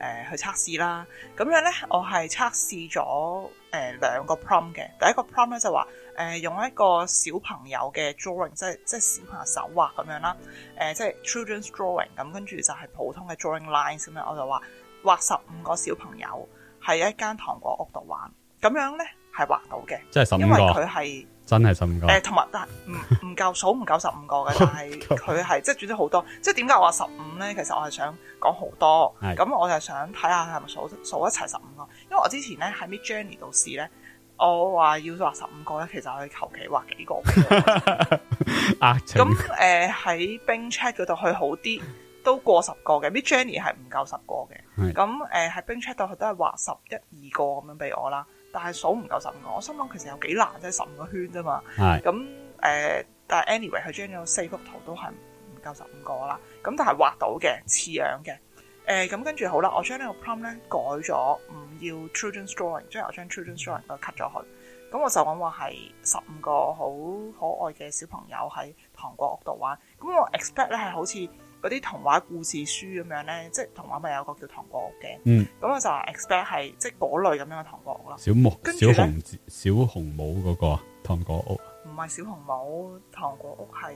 呃、去測試啦。咁樣咧，我係測試咗誒兩個 prompt 嘅。第一個 prompt 咧就話。誒、呃、用一個小朋友嘅 drawing，即係即係小朋友手畫咁樣啦。誒、呃、即係 children's drawing 咁、嗯，跟住就係普通嘅 drawing lines 咁樣。我就話畫十五個小朋友喺一間糖果屋度玩，咁樣咧係畫到嘅。即係十五個因為佢係真係十五個。同埋但係唔唔夠數唔夠十五個嘅，但係佢係即係轉咗好多。即係點解我話十五咧？其實我係想講好多。咁我就想睇下係咪數數一齊十五個。因為我之前咧喺 Midjourney 度試咧。我話要畫十五個咧，其實我可以求其畫幾個。咁誒、喺 Bing Chat 嗰度佢好啲，都過十個嘅。Midjourney 係唔夠十個嘅。咁誒、喺 Bing Chat 度佢都係畫十一二個咁樣俾我啦。但係數唔夠十五個，我心諗其實有幾難啫，即係十五個圈啫嘛。咁誒、嗯嗯、呃，但係 anyway 佢將咗四幅圖都係唔夠十五個啦。咁但係畫到嘅，似樣嘅。誒、嗯、咁、嗯、跟住好啦，我將呢個 prompt 咧改咗，唔要 children's drawing，即係我將 children's drawing cut 咗佢。咁、嗯、我就講話係十五個好可愛嘅小朋友喺糖果屋度玩。咁我 expect 咧係好似嗰啲童話故事書咁樣咧，即係童話咪有個叫糖果屋嘅。嗯，咁、嗯嗯嗯嗯嗯、我就 expect 係即係嗰類咁樣嘅糖果屋啦，小木、小紅小紅帽嗰、那個啊，糖果屋。唔係小紅帽，糖果屋係。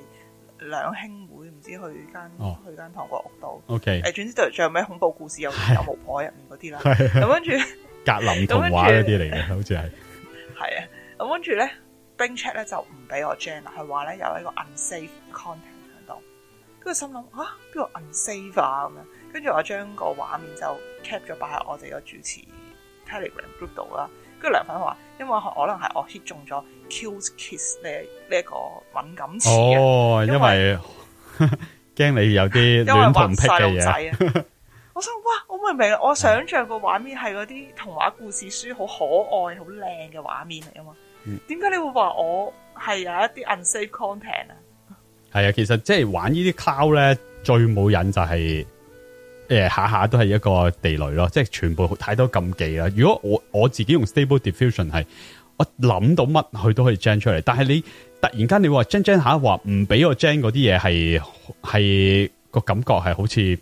兩兄妹唔知道去間、哦、去間糖果屋度，誒、okay, 總之就最後咩恐怖故事又有巫婆入面嗰啲啦，咁跟住格林童話啲嚟嘅，好似係係啊，咁跟住咧，Bing Chat 咧就唔俾我 join 啦，佢話咧有一個 unsafe content 喺度，跟住心諗 啊，邊個 unsafe 啊咁樣，跟住我將個畫面就 kept 咗擺喺我哋個主持 Telegram group 度啦，跟住梁粉話因為可能係我 hit 中咗。Q kiss 呢呢一個敏感詞、啊、哦，因為驚 你有啲亂同癖嘅嘢。我想哇，我唔明我想象個畫面係嗰啲童話故事書，好可愛、好靚嘅畫面嚟啊嘛。點、嗯、解你會話我係有一啲 unsafe content 啊？係啊，其實即係玩呢啲 cloud 咧，最冇癮就係誒下下都係一個地雷咯，即、就、係、是、全部太多禁忌啦。如果我我自己用 stable diffusion 係。我諗到乜佢都可以 gen 出嚟，但係你突然間你話 gen gen 下話唔俾我 gen 嗰啲嘢係係個感覺係好似，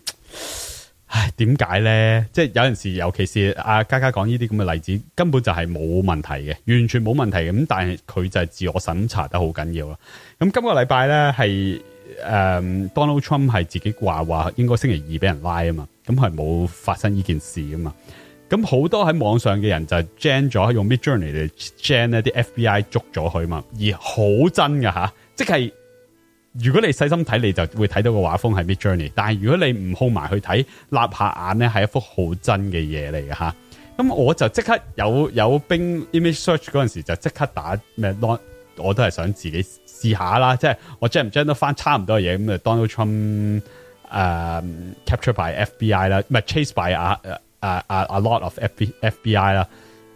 唉點解咧？即係、就是、有陣時，尤其是阿嘉嘉講呢啲咁嘅例子，根本就係冇問題嘅，完全冇問題嘅。咁但係佢就係自我審查得好緊要啦。咁今個禮拜咧係誒 Donald Trump 係自己話話應該星期二俾人拉啊嘛，咁係冇發生呢件事啊嘛。咁好多喺網上嘅人就 gen 咗用 Midjourney 嚟 gen Mid 咧，啲 FBI 捉咗佢嘛，而好真㗎吓，即係如果你細心睇，你就會睇到個畫風係 Midjourney。但係如果你唔 hold 埋去睇，立下眼咧係一幅好真嘅嘢嚟嘅吓。咁我就即刻有有 Bing image search 嗰陣時就即刻打咩 o 我都係想自己試下啦。即係我 gen 唔 gen 得翻差唔多嘢咁啊，Donald Trump 誒、呃、capture by FBI 啦、啊，唔係 chase by 啊。A 啊 lot of FBI 啦，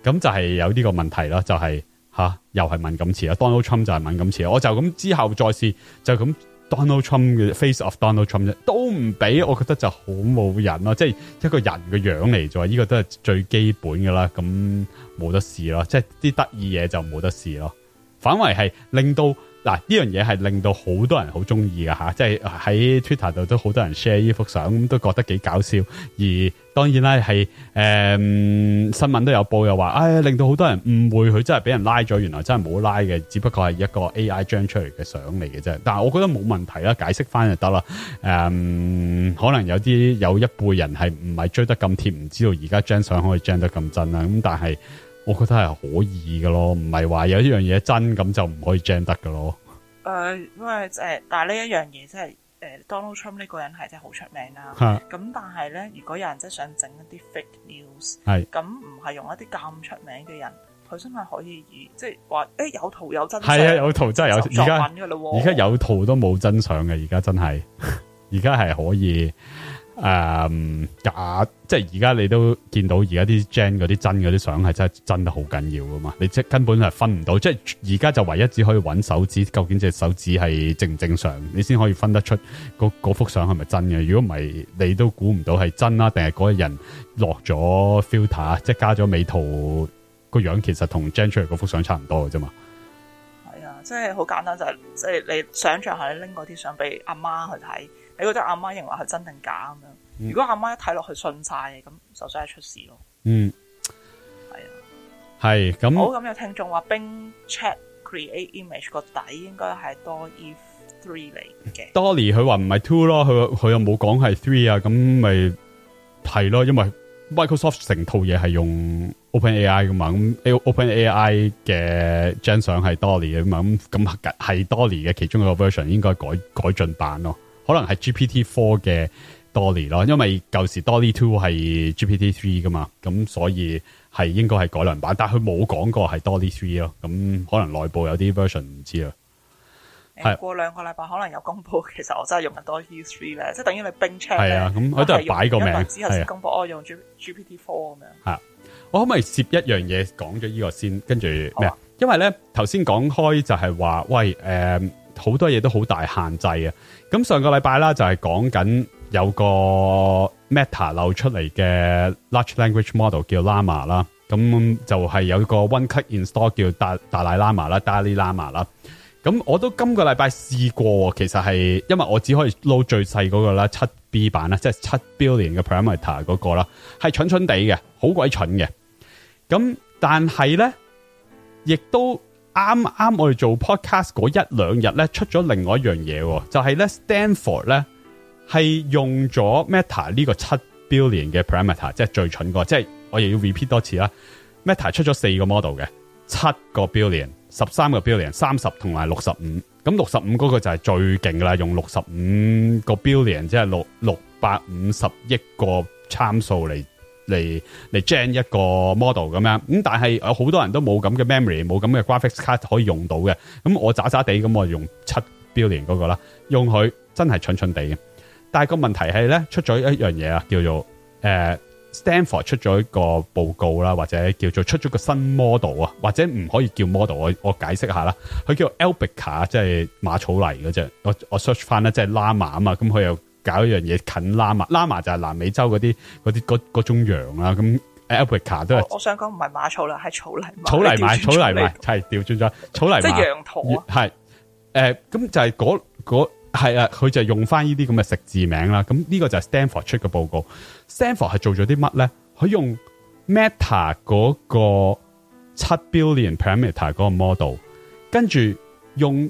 咁就係有呢個問題啦，就係、是、吓又係敏感詞啦。Donald Trump 就係敏感詞，我就咁之後再試，就咁 Donald Trump 嘅 face of Donald Trump 都唔俾。我覺得就好冇人咯，即、就、係、是、一個人嘅樣嚟咗，呢、這個都係最基本嘅啦。咁冇得試咯，即係啲得意嘢，就冇、是、得試咯，反為係令到。嗱，呢樣嘢係令到好多人好中意㗎。吓，即係喺 Twitter 度都好多人 share 呢幅相，都覺得幾搞笑。而當然啦，係誒、呃、新聞都有報，又話，唉、哎，令到好多人誤會佢真係俾人拉咗，原來真係冇拉嘅，只不過係一個 AI 張出嚟嘅相嚟嘅啫。但係我覺得冇問題啦，解釋翻就得啦。誒、呃，可能有啲有一輩人係唔係追得咁貼，唔知道而家張相可以張得咁真啦。咁但係我覺得係可以嘅咯，唔係話有一樣嘢真咁就唔可以 jam 得㗎咯。誒，因為誒，但係呢一樣嘢即係誒，Donald Trump 呢個人係真係好出名啦。咁、啊，但係咧，如果有人真係想整一啲 fake news，係咁唔係用一啲咁出名嘅人，佢真係可以以即係話誒有圖有真相。係啊，有圖真係有。而家而家有圖都冇真相嘅，而家真係，而家係可以。誒、um，啊，假即係而家你都見到而家啲 gen 嗰啲真嗰啲相係真係真得好緊要噶嘛？你即係根本係分唔到，即係而家就唯一只可以揾手指，究竟隻手指係正唔正常，你先可以分得出嗰嗰幅相係咪真嘅？如果唔係，你都估唔到係真啦，定係嗰個人落咗 filter，即係加咗美圖個樣，其實同 gen 出嚟嗰幅相差唔多嘅啫嘛。係啊，即係好簡單就係、是，即係你想象下，你拎嗰啲相俾阿媽去睇。你覺得阿媽認為係真定假咁樣？如果阿媽一睇落去信晒，嘅，咁就真係出事咯。嗯，係、嗯、啊，係咁。好、嗯、咁有聽眾話，Bing check create image 個底應該係 Dolly three 嚟嘅。Dolly，佢話唔係 two 咯，佢佢又冇講係 three 啊，咁咪係咯。因為 Microsoft 成套嘢係用 OpenAI 噶嘛，咁 OpenAI 嘅張相係 Dolly 嘅嘛，咁咁係 Dolly 嘅其中一個 version 應該改改進版咯。可能係 GPT Four 嘅 Dolly 咯，因為舊時 Dolly Two 係 GPT Three 噶嘛，咁所以係應該係改良版，但係佢冇講過係 Dolly Three 咯，咁可能內部有啲 version 唔知啦。過兩個禮拜可能有公布，其實我真係用緊 Dolly Three 咧，即係等於你 Bing Chat 咧。係啊，咁佢都係擺個名，名之後先公布，我、啊哦、用 GPT Four 咁樣。我可唔可以攝一樣嘢講咗呢個先，先這個、跟住咩、啊？因為咧頭先講開就係話喂，誒、呃。好多嘢都好大限制啊！咁上個禮拜啦，就係講緊有個 Meta 漏出嚟嘅 Large Language Model 叫 Llama 啦，咁就係有個 One Click Install 叫大大奶 Llama 啦，Dalai Lama 啦。咁我都今個禮拜試過，其實係因為我只可以撈最細嗰個啦，七 B 版啦，即係七 billion 嘅 parameter 嗰個啦，係蠢蠢地嘅，好鬼蠢嘅。咁但係咧，亦都。啱啱我哋做 podcast 嗰一兩日咧，出咗另外一樣嘢，就係咧 Stanford 咧係用咗 Meta 呢個七 billion 嘅 parameter，即係最蠢個，即係我亦要 repeat 多次啦。Meta 出咗四個 model 嘅，七個 billion，十三個 billion，三十同埋六十五，咁六十五嗰個就係最勁噶啦，用六十五個 billion，即係六六百五十億個參數嚟嚟嚟 train 一個 model 咁樣，咁但係有好多人都冇咁嘅 memory，冇咁嘅 graphics card 可以用到嘅。咁我渣渣地咁我用七 billion 嗰、那個啦，用佢真係蠢蠢地嘅。但係個問題係咧，出咗一樣嘢啊，叫做誒、呃、Stanford 出咗一個報告啦，或者叫做出咗個新 model 啊，或者唔可以叫 model。我我解釋下啦，佢叫 Albica 即係馬草泥嗰隻。我我 search 翻啦，即係 Lama 啊嘛，咁佢又。搞一樣嘢近 lama，lama Lama 就係南美洲嗰啲嗰啲種羊啦，咁 Alpaca 都係。我想講唔係馬草啦，係草泥馬。草泥馬，草泥馬係調轉咗，草泥馬。即 係 羊駝係，誒，咁就係嗰嗰係啊，佢、呃就，啊、就用翻呢啲咁嘅食字名啦。咁呢個就係 Stanford 出嘅報告。 Stanford 係做咗啲乜咧？佢用 Meta 嗰個七 billion parameter 嗰個 model，跟住用。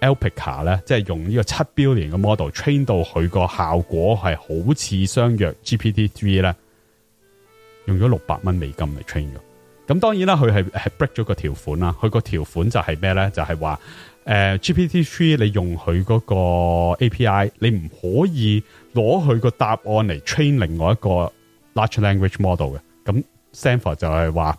Alpaca 咧，即係用呢個七 billion 嘅 model train 到佢個效果係好似相若 GPT Three 咧，用咗六百蚊美金嚟 train 咗。咁當然啦，佢係係 break 咗個條款啦。佢個條款就係咩咧？就係話，誒，GPT Three 你用佢嗰個 API，你唔可以攞佢個答案嚟 train 另外一個 large language model 嘅。咁 Stanford 就係話。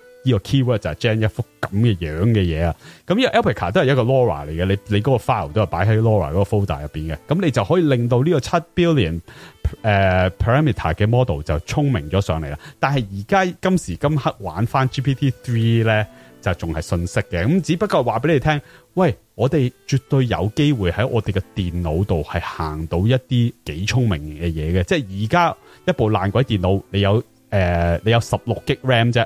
呢、這個 keyword 就係 Jane 一幅咁嘅樣嘅嘢啊。咁因為 Epic a 都係一個 Laura 嚟嘅，你你嗰個 file 都係擺喺 Laura 嗰個 folder 入面嘅。咁你就可以令到呢個七 billion 誒、呃、parameter 嘅 model 就聰明咗上嚟啦。但係而家今時今刻玩翻 GPT Three 咧，就仲係信息嘅。咁只不過話俾你聽，喂，我哋絕對有機會喺我哋嘅電腦度係行到一啲幾聰明嘅嘢嘅。即係而家一部爛鬼電腦，你有誒、呃、你有十六 G RAM 啫。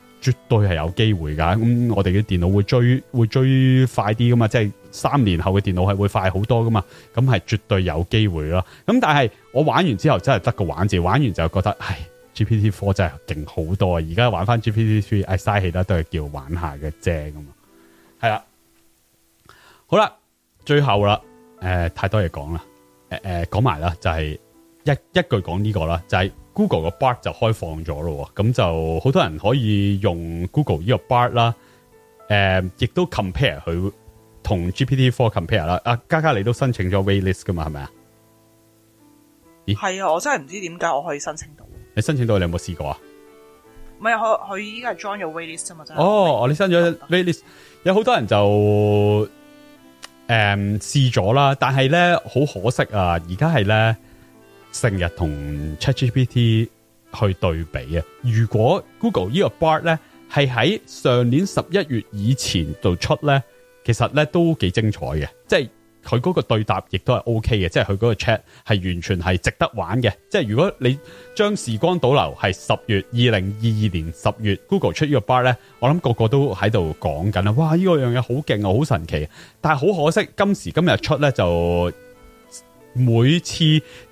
絕對係有機會噶，咁我哋嘅電腦會追會追快啲噶嘛，即係三年後嘅電腦係會快好多噶嘛，咁係絕對有機會咯。咁但係我玩完之後真係得個玩字，玩完就覺得，唉，GPT Four 真係勁好多，而家玩翻 GPT Three，唉，嘥氣啦，都係叫玩下嘅啫，咁啊，係啦，好啦，最後啦，誒，太多嘢講啦，誒誒，講埋啦，就係一一句講呢個啦，就係。Google 嘅 bard 就開放咗咯，咁就好多人可以用 Google 呢個 bard 啦，誒，亦都 compare 佢同 GPT four compare 啦。啊，嘉嘉你都申請咗 waitlist 噶嘛？係咪啊？咦，係啊！我真係唔知點解我可以申請到。你申請到你有冇試過啊？唔係，佢佢依家係 join 咗 waitlist 啫嘛。哦，我你申咗 waitlist，嗯、有好多人就，誒、呃，試咗啦，但係咧好可惜啊！而家係咧。成日同 ChatGPT 去對比啊！如果 Google 呢個 Bard 咧係喺上年十一月以前度出咧，其實咧都幾精彩嘅，即係佢嗰個對答亦都係 OK 嘅，即係佢嗰個 chat 係完全係值得玩嘅。即係如果你將時光倒流係十月二零二二年十月，Google 出呢個 Bard 咧，我諗個個都喺度講緊啦。哇！呢個樣嘢好勁啊，好神奇！但係好可惜，今時今日出咧就。每次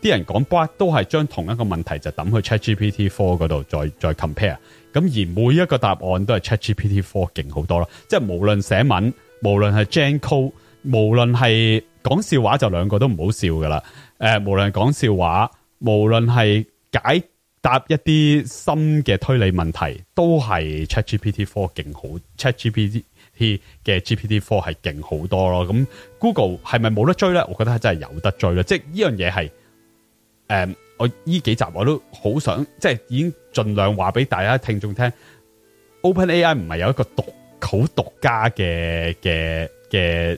啲人講 Bard 都係將同一個問題就抌去 ChatGPT 4嗰度再再 compare，咁而每一個答案都係 ChatGPT 4勁好多咯，即係無論寫文，無論係 gen code，無論係講笑話就兩個都唔好笑㗎啦。誒，無論講笑話，無論係解答一啲新嘅推理問題，都係 ChatGPT 4勁好，ChatGPT。嘅 GPT Four 係勁好多咯，咁 Google 係咪冇得追咧？我覺得係真係有得追啦，即係呢樣嘢係，誒、呃，我呢幾集我都好想，即係已經盡量話俾大家聽眾聽，OpenAI 唔係有一個獨好獨家嘅嘅嘅。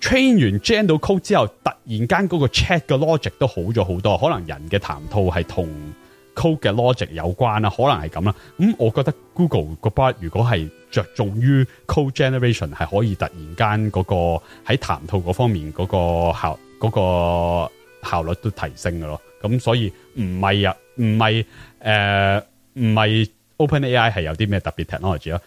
train 完 generate code 之後，突然間嗰個 chat 嘅 logic 都好咗好多，可能人嘅談吐係同 code 嘅 logic 有關，可能係咁啦。咁、嗯、我覺得 Google 個 Bard 如果係着重於 code generation，係可以突然間嗰、那個喺談吐嗰方面嗰、那個那個效、那個效率都提升嘅咯。咁所以唔係啊，唔係誒，唔係、呃、OpenAI 係有啲咩特別 technology，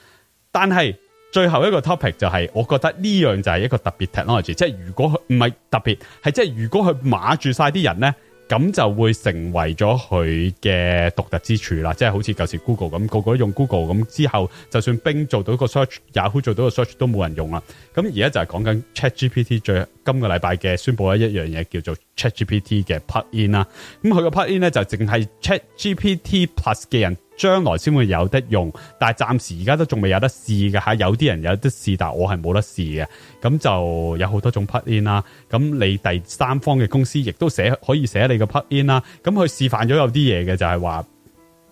但係。最後一個 topic 就係，我覺得呢樣就係一個特別 technology，即係如果佢唔係特別，係即係如果佢碼住晒啲人呢，咁就會成為咗佢嘅獨特之處啦。即係好似舊時 Google 咁，個個都用 Google 咁，之後就算 Bing 做到個 search，Yahoo 做到個 search 都冇人用啦。咁而家就係講緊 ChatGPT 最。今個禮拜嘅宣布一樣嘢叫做 ChatGPT 嘅 plug-in 啦。咁佢個 plug-in 咧就淨係 ChatGPT Plus 嘅人將來先會有得用，但係暫時而家都仲未有得試㗎。吓。有啲人有得試，但係我係冇得試嘅。咁就有好多種 plug-in 啦。咁你第三方嘅公司亦都寫可以寫你個 plug-in 啦。咁佢示範咗有啲嘢嘅就係話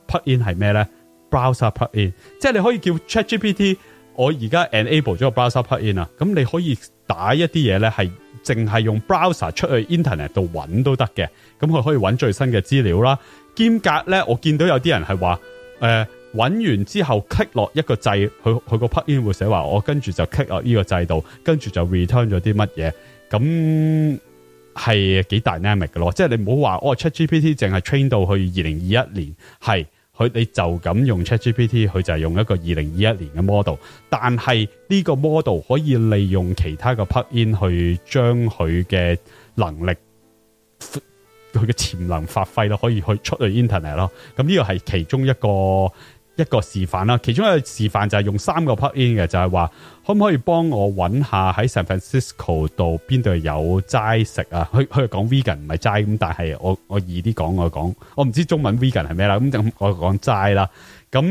plug-in 係咩咧？Browser plug-in，即係你可以叫 ChatGPT，我而家 enable 咗個 Browser plug-in 啊。咁你可以打一啲嘢咧係。淨係用 browser 出去 internet 度揾都得嘅，咁佢可以揾最新嘅資料啦。兼夾咧，我見到有啲人係話，誒、呃，揾完之後撳落一個掣，佢佢個 plugin 會寫話，我跟住就撳落呢個掣度，跟住就 return 咗啲乜嘢，咁係幾 dynamic 嘅咯。即係你唔好話哦，ChatGPT 淨係 train 到去二零二一年係。佢你就咁用 ChatGPT，佢就係用一個二零二一年嘅 model，但係呢個 model 可以利用其他嘅 plug-in 去將佢嘅能力，佢嘅潛能發揮咯，可以去出去 internet 咯，咁呢個係其中一個。一個示範啦，其中一個示範就係用三個 plugin 嘅，就係、是、話可唔可以幫我揾下喺 San Francisco 度邊度有齋食啊？佢佢講 vegan 唔係齋，咁，但係我我易啲講我講，我唔知中文 vegan 係咩啦，咁就我講齋啦。咁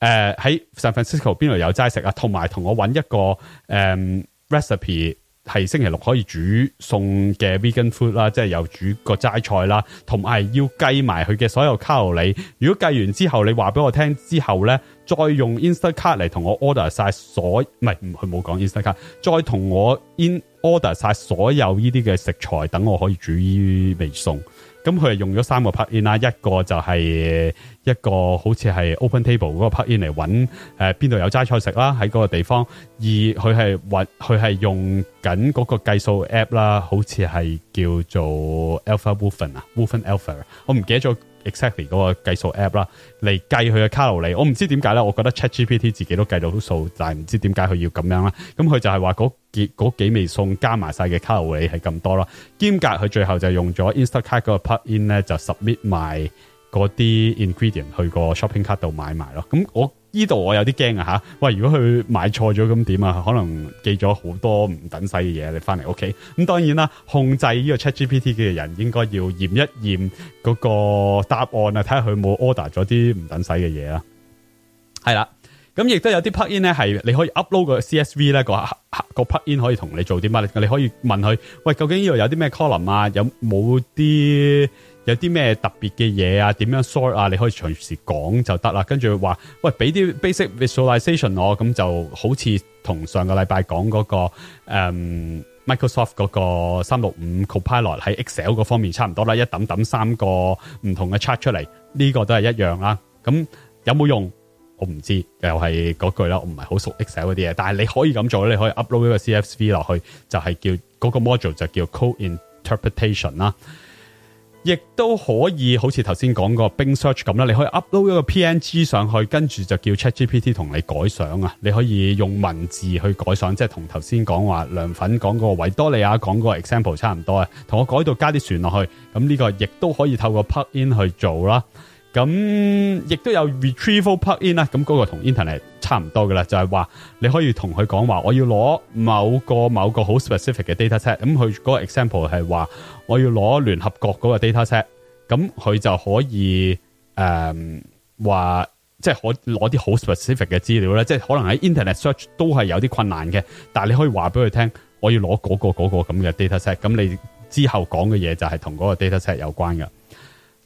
誒喺 San Francisco 邊度有齋食啊？同埋同我揾一個誒、嗯、recipe。係星期六可以煮餸嘅 vegan food 啦，即係又煮個齋菜啦，同埋要計埋佢嘅所有卡路里。如果計完之後，你話俾我聽之後呢，再用 Instacart 嚟同我 order 晒所有，唔係，唔佢冇講 Instacart，再同我 in order 晒所有呢啲嘅食材，等我可以煮呢味餸。咁佢係用咗三個 plug-in 啦，一個就係一個好似係 OpenTable 嗰個 plug-in 嚟揾誒邊、呃、度有齋菜食啦，喺嗰個地方。二，佢係揾，佢係用緊嗰個計數 app 啦，好似係叫做 Alpha Wolfen 啊，Wolfen Alpha。我唔記得咗。exactly 嗰個計數 app 啦，嚟計佢嘅卡路里。我唔知點解咧，我覺得 ChatGPT 自己都計到數，但係唔知點解佢要咁樣啦。咁、嗯、佢就係話嗰幾嗰幾味餸加埋晒嘅卡路里係咁多啦，兼隔佢最後就用咗 Instacart 嗰個 plugin 咧，就 submit 埋嗰啲 ingredient 去個 shopping cart 度買埋咯。咁、嗯、我。呢度我有啲驚啊吓，喂，如果佢買錯咗咁點啊？可能記咗好多唔等使嘅嘢，你翻嚟屋企咁，當然啦，控制呢個 ChatGPT 嘅人應該要驗一驗嗰個答案啊，睇下佢冇 order 咗啲唔等使嘅嘢啊。係啦，咁亦都有啲 plug-in 咧，係你可以 upload 個 CSV 咧個 plug-in 可以同你做啲乜？你可以問佢，喂，究竟呢度有啲咩 column 啊？有冇啲？有啲咩特別嘅嘢啊？點樣 sort 啊？你可以隨時講就得啦。跟住話，喂，俾啲 basic visualization 我，咁就好似同上個禮拜講嗰、那個、嗯、Microsoft 嗰個三六五 Copilot 喺 Excel 嗰方面差唔多啦。一揼揼三個唔同嘅 chart 出嚟，呢、這個都係一樣啦。咁有冇用？我唔知，又係嗰句啦。我唔係好熟 Excel 嗰啲嘢，但係你可以咁做，你可以 upload 一個 CSV 落去，就係、是、叫嗰、那個 module 就叫 code interpretation 啦。亦都可以好似頭先講個 Bing Search 咁啦，你可以 upload 一個 PNG 上去，跟住就叫 ChatGPT 同你改相啊。你可以用文字去改相，即係同頭先講話涼粉講個維多利亞講個 example 差唔多啊。同我改到加啲船落去，咁、這、呢個亦都可以透過 plug in 去做啦。咁亦都有 retrieval plugin 啦，咁嗰個同 internet 差唔多噶啦，就係話你可以同佢講話，我要攞某個某個好 specific 嘅 data set，咁佢嗰個 example 係話我要攞聯合國嗰個 data set，咁佢就可以誒話即係可攞啲好 specific 嘅資料咧，即係可能喺 internet search 都係有啲困難嘅，但係你可以話俾佢聽，我要攞嗰個嗰個咁嘅 data set，咁你之後講嘅嘢就係同嗰個 data set 有關嘅。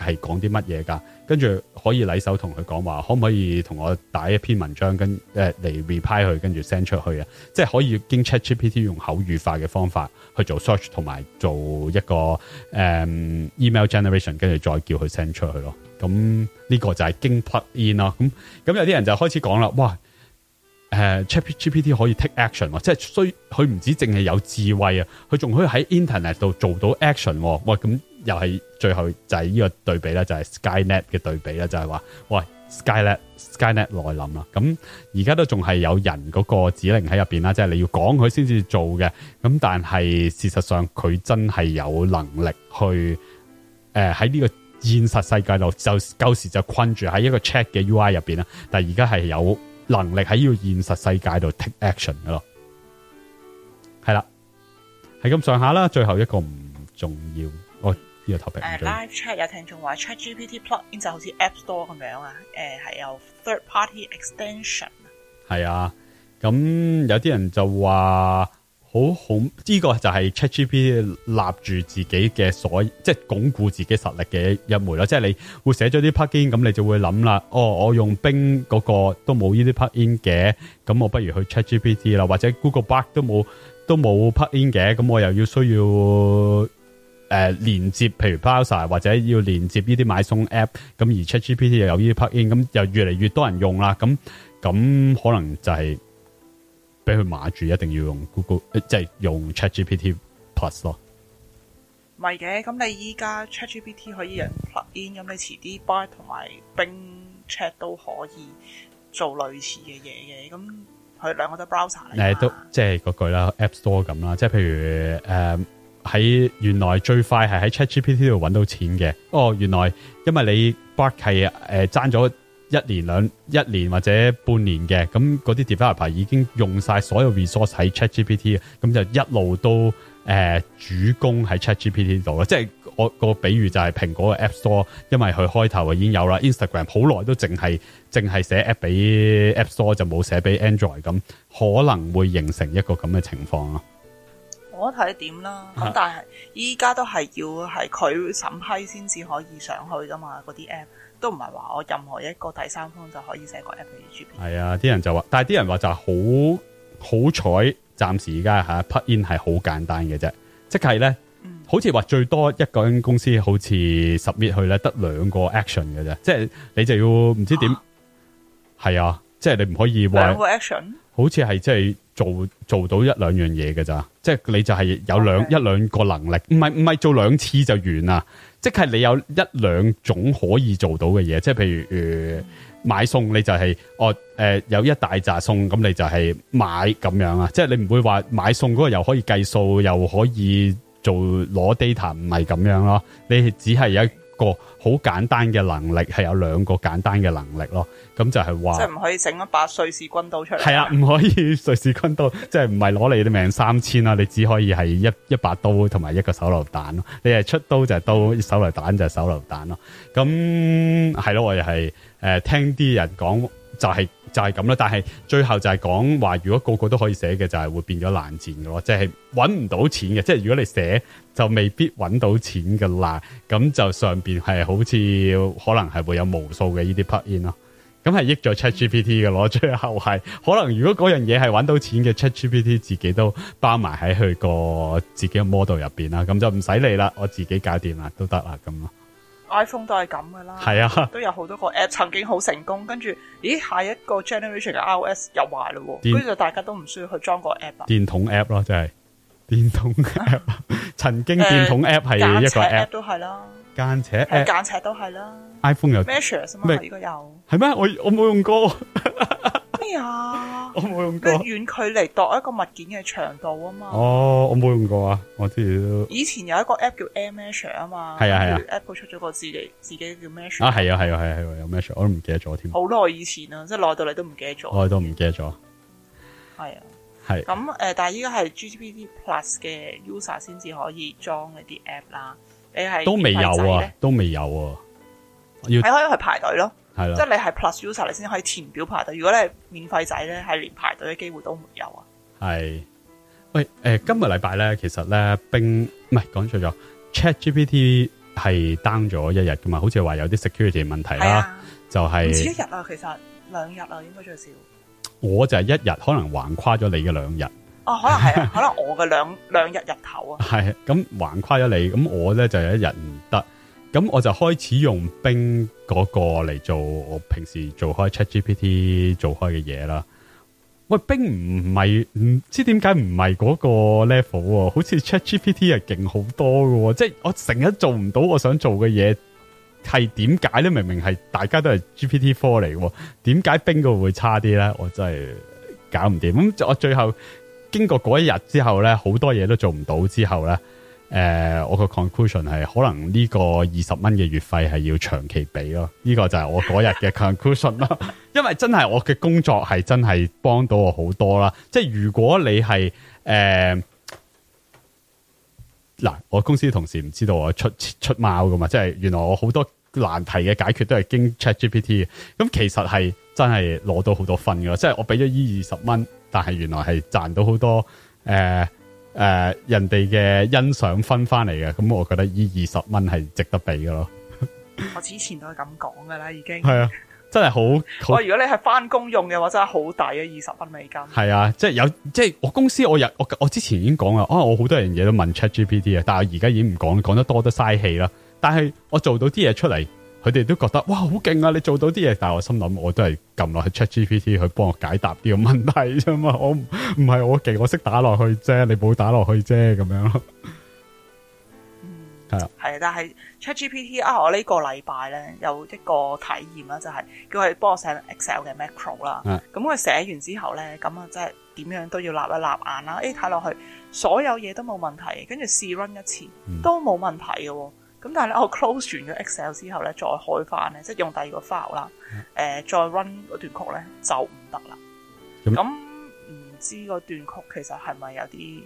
係講啲乜嘢噶？跟住可以禮手同佢講話，可唔可以同我打一篇文章？跟誒嚟、呃、reply 佢，跟住 send 出去啊！即係可以經 ChatGPT 用口語化嘅方法去做 search，同埋做一個誒、呃、email generation，跟住再叫佢 send 出去咯。咁呢個就係經 plug in 咯。咁咁有啲人就開始講啦，哇！誒、uh，ChatGPT 可以 take action，即係需佢唔止淨係有智慧啊，佢仲可以喺 internet 度做到 action。喂，咁。又係最後就係呢個對比咧，就係 SkyNet 嘅對比啦。就係話喂，SkyNet SkyNet 來臨啦。咁而家都仲係有人嗰個指令喺入邊啦，即係你要講佢先至做嘅。咁但係事實上佢真係有能力去誒喺呢個現實世界度，就舊時就困住喺一個 check 嘅 UI 入邊啦。但係而家係有能力喺呢個現實世界度 take action 咯。係啦，係咁上下啦。最後一個唔重要。誒，live chat 有聽眾話 ChatGPT plugin 就好似 App Store 咁樣啊，誒，係有 third party extension。係啊，咁有啲人就話好好，呢、這個就係 ChatGPT 立住自己嘅所，即係鞏固自己的實力嘅一枚囉。即係你會寫咗啲 plugin，咁你就會諗啦，哦，我用冰嗰個都冇呢啲 plugin 嘅，咁我不如去 ChatGPT 啦，或者 Google Bard 都冇，都冇 plugin 嘅，咁我又要需要，誒、呃，連接譬如 browser 或者要連接呢啲買送 app，咁而 ChatGPT 又有呢啲 plugin，咁又越嚟越多人用啦，咁咁可能就係俾佢碼住，一定要用 Google，即、呃、係、就是、用 ChatGPT Plus 咯。唔係嘅，咁你依家 ChatGPT 可以人 plugin，咁、嗯、你遲啲 Buy 同埋 Bing Chat 都可以做類似嘅嘢嘅，咁佢兩個都 browser 誒，都即係嗰句啦，App Store 咁啦，即係譬如誒。呃喺原來最快係喺 ChatGPT 度揾到錢嘅，哦，原來因為你 Bard 係誒爭、呃、咗一年兩一年或者半年嘅，咁嗰啲 developer 已經用晒所有 resource 喺 ChatGPT，咁就一路都誒、呃、主攻喺 ChatGPT 度即係我、個比喻就係蘋果嘅 App Store，因為佢開頭已經有啦，Instagram 好耐都淨係淨係寫 app 俾 App Store 就冇寫俾 Android 咁，可能會形成一個咁嘅情況我睇點啦，咁但係依家都係要係佢審批先至可以上去噶嘛，嗰啲 app 都唔係話我任何一個第三方就可以寫個 app 俾佢住。係啊，啲人就話，但係啲人話就係好好彩，暫時而家吓 put in 係好簡單嘅啫，即係咧，好似話最多一個公司好似 submit 去咧得兩個 action 嘅啫，即係你就要唔知點，係啊，即係你唔可以話。好似係即係做做到一兩樣嘢嘅咋，即係你就係有兩一兩個能力，唔係唔係做兩次就完啦，即係你有一兩種可以做到嘅嘢，即係譬如、呃、買餸你就係哦誒有一大扎餸咁你就係買咁樣啊，即係你唔會話買餸嗰個又可以計數，又可以做攞 data，唔係咁樣咯，你只係有。個好簡單嘅能力係有兩個簡單嘅能力咯，咁就係話，即係唔可以整一把瑞士軍刀出嚟，係啊，唔可以瑞士軍刀， 即係唔係攞你啲命三千啦，你只可以係一一把刀同埋一個手榴彈咯，你係出刀就係刀，手榴彈就係手榴彈咯，咁係咯，我哋係誒聽啲人講就係、是。就係咁啦，但係最後就係講話，如果個個都可以寫嘅，就係會變咗爛賤嘅咯，即係搵唔到錢嘅。即係如果你寫就未必搵到錢嘅啦，咁就上邊係好似可能係會有無數嘅呢啲 plug in 咯。咁係益咗 ChatGPT 嘅，咯最後係可能如果嗰樣嘢係搵到錢嘅 ChatGPT 自己都包埋喺佢個自己嘅 model 入邊啦，咁就唔使理啦，我自己搞掂啦，都得啦咁咯。iPhone 都係咁噶啦，係啊，都有好多個 app 曾經好成功，跟住咦下一個 generation 嘅 iOS 又壞咯，跟住就大家都唔需要去裝個 app。電筒 app 咯，就係電筒 app，、啊、曾經電筒 app 係一個 app, APP 都係啦，間尺間尺都係啦，都啦，iPhone 有 measures 啊嘛？呢、這個又係咩？我我冇用過。 咩、哎、啊？跟遠距離度一個物件嘅長度啊嘛。哦，我冇用過啊，我知。以前有一個 app 叫 Air Measure 啊嘛。係啊係啊。Apple 出咗個自己自己叫 Measure 啊，係啊係啊係啊，啊，啊，有 Measure，我都唔記得咗添。好耐以前啊，即係耐到你都唔記得咗。我都唔記得咗。係啊係。咁誒、呃，但係依家係 ChatGPT Plus 嘅 User 先至可以裝呢啲 app 啦。你係都未有啊，都未有啊。要你可以去排隊咯。係即係你係 Plus user，你先可以填表排隊，如果你係免費仔咧，係連排隊嘅機會都冇啊。係，喂，誒、呃，今個禮拜咧，其實咧，冰唔係講錯咗，ChatGPT 係 down 咗一日噶嘛？好似話有啲 security 問題啦，是就係、是、一日啊？其實兩日啊，應該最少。我就係一日，可能橫跨咗你嘅兩日。哦，可能係啊， 可能我嘅兩兩日入頭啊。係，咁橫跨咗你，咁我咧就有一日唔得。咁我就開始用冰嗰個嚟做我平時做開 ChatGPT 做開嘅嘢啦。喂，冰唔係唔知點解唔係嗰個 level 啊，好似 ChatGPT 係勁好多噶，即係我成日做唔到我想做嘅嘢，係點解咧？明明係大家都係 GPT Four 嚟，點解冰個會差啲咧？我真係搞唔掂。咁我最後經過嗰一日之後咧，好多嘢都做唔到之後咧。誒、呃，我個 conclusion 係可能呢個二十蚊嘅月費係要長期俾咯。呢、這個就係我嗰日嘅 conclusion 啦 因為真係我嘅工作係真係幫到我好多啦。即係如果你係誒，嗱、呃，我公司同事唔知道我出出貓噶嘛，即係原來我好多難題嘅解決都係經 ChatGPT 嘅。咁其實係真係攞到好多分噶，即係我俾咗依二十蚊，但係原來係賺到好多誒。呃誒、呃，人哋嘅欣賞分翻嚟嘅，咁我覺得呢二十蚊係值得俾㗎咯。我之前都係咁講噶啦，已經係 啊，真係好。如果你係翻工用嘅話，真係好抵啊！二十蚊美金係啊，即係有，即係我公司我我我之前已經講啦、啊，我好多人嘢都問 ChatGPT 啊，但係我而家已經唔講，講得多得嘥氣啦。但係我做到啲嘢出嚟。佢哋都覺得哇好勁啊！你做到啲嘢，但係我心諗，我都係撳落去 ChatGPT 去幫我解答呢個問題啫嘛。我唔係我勁，我識打落去啫。你冇打落去啫，咁樣咯。係、嗯、啊，啊，但係 ChatGPT 啊，我個呢個禮拜咧有一個體驗啦、就是，就係叫佢幫我寫 Excel 嘅 macro 啦。咁佢寫完之後咧，咁啊即係點樣都要立一立眼啦。哎，睇落去所有嘢都冇問題，跟住試 run 一次都冇問題嘅。嗯咁但係咧，我 close 完咗 Excel 之後咧、嗯呃，再開翻咧，即係用第二個 file 啦，誒，再 run 嗰段曲咧就唔得啦。咁、嗯、唔、嗯、知嗰段曲其實係咪有啲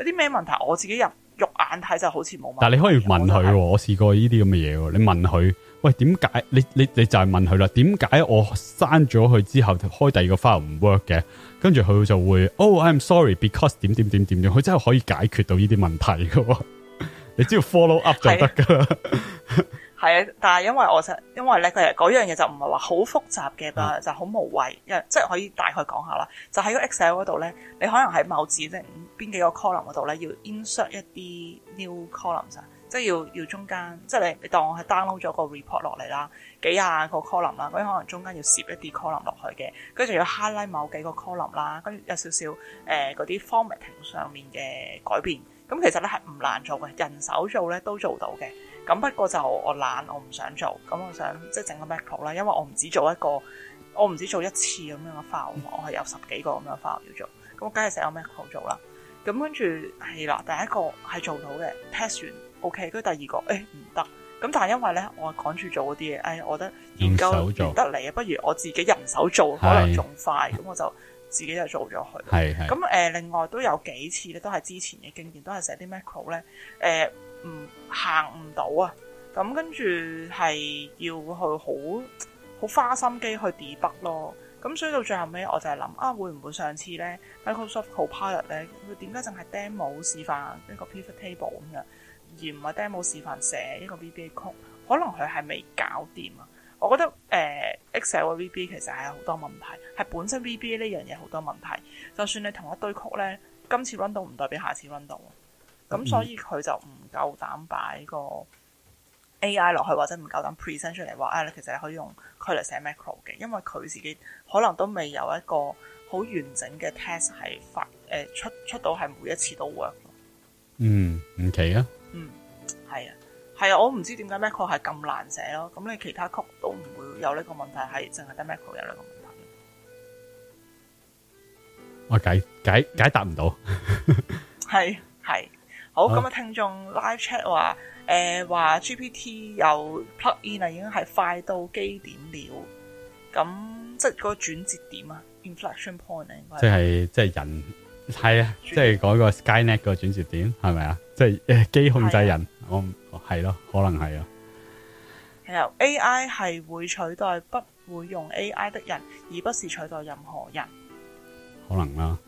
有啲咩問題？我自己入肉眼睇就好似冇問題。但係你可以問佢，我試、就是哦、過呢啲咁嘅嘢。你問佢，喂，點解？你你你就係問佢啦，點解我刪咗佢之後開第二個 file 唔 work 嘅？跟住佢就會，Oh，I'm sorry，because 點點點點點，佢、oh, 真係可以解決到呢啲問題喎。」你只要 follow up 就得噶啦，係 啊，但係因為我實，因為咧佢係嗰樣嘢就唔係話好複雜嘅，嗯、就就好無謂，因即係可以大概講下啦，就喺個 Excel 嗰度咧，你可能喺某指定邊幾個 column 嗰度咧要 insert 一啲 new columns 啫，即係要要中間，即係你你當我係 download 咗個 report 落嚟啦，幾廿個 column 啦，咁可能中間要攝一啲 column 落去嘅，跟住仲要 highlight 某幾個 column 啦，跟住有少少誒嗰啲 formatting 上面嘅改變。咁其實咧係唔難做嘅，人手做咧都做到嘅。咁不過就我懶，我唔想做。咁我想即整個 macro 啦，因為我唔止做一個，我唔止做一次咁樣嘅 file，、嗯、我係有十幾個咁樣 file 要做。咁我梗係整個 macro 做啦。咁跟住係啦，第一個係做到嘅 pass 完 OK。跟第二個誒唔得。咁但係因為咧我趕住做嗰啲嘢，誒、哎、我覺得研究唔得嚟啊，不如我自己人手做可能仲快。咁我就。自己就做咗佢，咁誒、呃、另外都有幾次咧，都係之前嘅經驗都係寫啲 macro 咧，誒、呃、唔行唔到啊，咁跟住係要去好好花心機去 debug 咯、啊，咁所以到最後尾我就係諗啊，會唔會上次咧 Microsoft Copilot 咧，佢點解淨係 demo 示範一個 pivot table 咁樣而唔係 demo 示範寫一個 VBA code，可能佢係未搞掂啊？我覺得誒 Excel 嘅 V B 其實係好多問題，係本身 V B 呢樣嘢好多問題。就算你同一堆曲呢，今次 run 到唔代表下次 run 到，咁所以佢就唔夠膽擺個 A I 落去，或者唔夠膽 present 出嚟話啊，你其實你可以用佢嚟寫 macro 嘅，因為佢自己可能都未有一個好完整嘅 test 係發、呃、出出到係每一次都 work。嗯，唔奇啊。嗯，係啊。係啊，我唔知點解 MacBook 係咁難寫咯。咁你其他曲都唔會有呢個問題，係淨係得 MacBook 有呢個問題。我解解解答唔到。係 係好咁啊！聽眾 live chat 話誒話 GPT 有 plug in 啊，已經係快到基點了。咁即係個轉折點啊 inflection point 應該。即係即係人係啊，即係嗰個 sky net、就是、個 SkyNet 轉折點係咪啊？即係誒機控制人。我係咯，可能係啊。係啊，A I 係會取代不會用 A I 的人，而不是取代任何人。可能啦，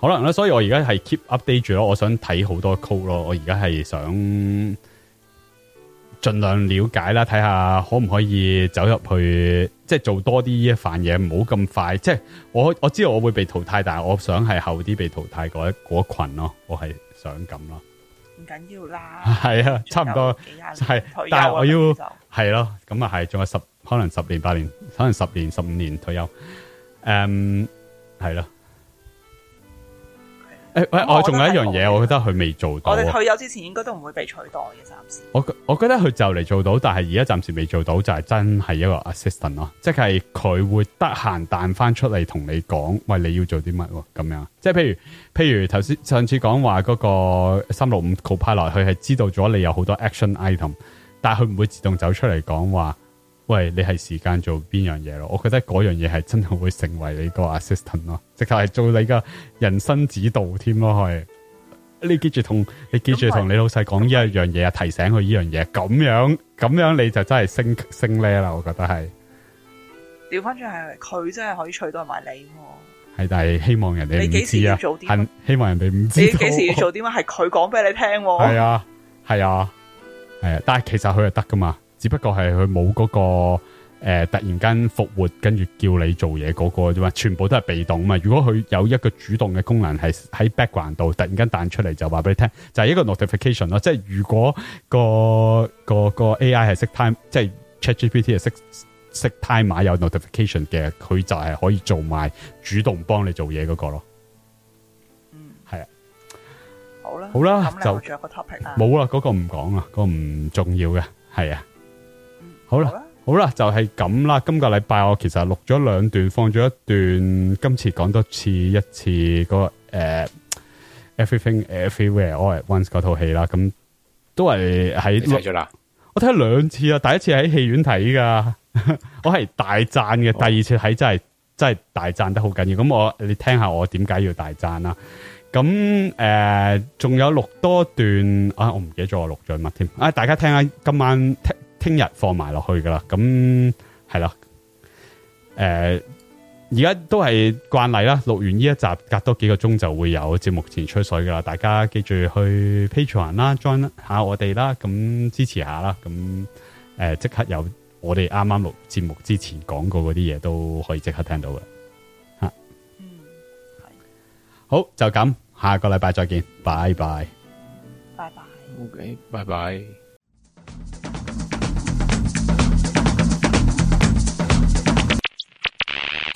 可能啦，所以我而家係 keep update 住咯。我想睇好多 code 咯，我而家係想盡量了解啦，睇下可唔可以走入去，即係做多啲呢一範嘢，唔好咁快。即係我我知道我會被淘汰，但係我想係後啲被淘汰嗰一嗰群咯，我係想咁咯。唔緊要啦，係啊，啊，差唔多，係，但係我要，係咯，咁啊係，仲有十，可能十年八年，可能十年十五年退休，誒、 嗯，係咯、啊。誒、欸，喂，我、嗯、仲有一樣嘢，我覺得佢未做到。我哋退休之前，應該都唔會被取代嘅，暫時。我我覺得佢就嚟做到，但係而家暫時未做到，就係、是、真係一個 assistant 咯，即係佢會得閒彈翻出嚟同你講，喂，你要做啲乜咁樣？即、就、係、是、譬如譬如頭先上次講話嗰個三六五 Copilot，佢係知道咗你有好多 action item，但係佢唔會自動走出嚟講話。喂，你係時間做邊樣嘢咯？我覺得嗰樣嘢係真係會成為你個 assistant 咯，直頭係做你嘅人生指導添咯。係你記住同你記住同你，你老細講依一樣嘢啊，提醒佢依樣嘢。咁樣咁樣你就真係升升 level 啦。我覺得係調翻轉係佢真係可以取代埋你、啊。係但係希望人哋唔知啊，希望人哋唔知、啊。你幾時要做啲乜？係佢講俾你聽。係啊，係啊，誒、啊啊，但係其實佢係得噶嘛。只不過係佢冇嗰個誒、呃，突然間復活，跟住叫你做嘢嗰、嗰個啫嘛，全部都係被動啊嘛。如果佢有一個主動嘅功能，係喺 background 度突然間彈出嚟就話俾你聽，就係、係、一個 notification 咯。即係如果、個、個、個 AI 係識 time，即係 ChatGPT 係識識 time 碼有 notification 嘅，佢就係可以做埋主動幫你做嘢嗰個咯。嗯，係啊。好啦，好啦，個 topic 就冇啦，嗰、嗰個唔講、啦、啊，個唔重要嘅，係啊。好啦，好啦，好啦，就係、是、咁啦。今個禮拜我其實錄咗兩段，放咗一段。今次講多次一次嗰、那個誒、呃、，Everything Everywhere All at Once 嗰套戲啦。咁都係喺我睇咗兩次啊。第一次喺戲院睇噶， 我係大讚嘅。第二次睇真係真係大讚得好緊要。咁我你聽下我點解要大讚啦？咁誒，仲、呃、有錄多段啊？我唔記得咗我錄咗乜添？啊，大家聽下今晚聽日放埋落去噶啦，咁係啦，誒，而家都係慣例啦。錄完呢一集，隔多幾個鐘就會有節目前出水噶啦。大家記住去 Patreon 啦，join 下我哋啦，咁支持下啦。咁誒，即刻有我哋啱啱錄節目之前講過嗰啲嘢，都可以即刻聽到嘅。吓、啊，嗯，係好，就咁，下個禮拜再見，拜拜，拜拜，OK，拜拜。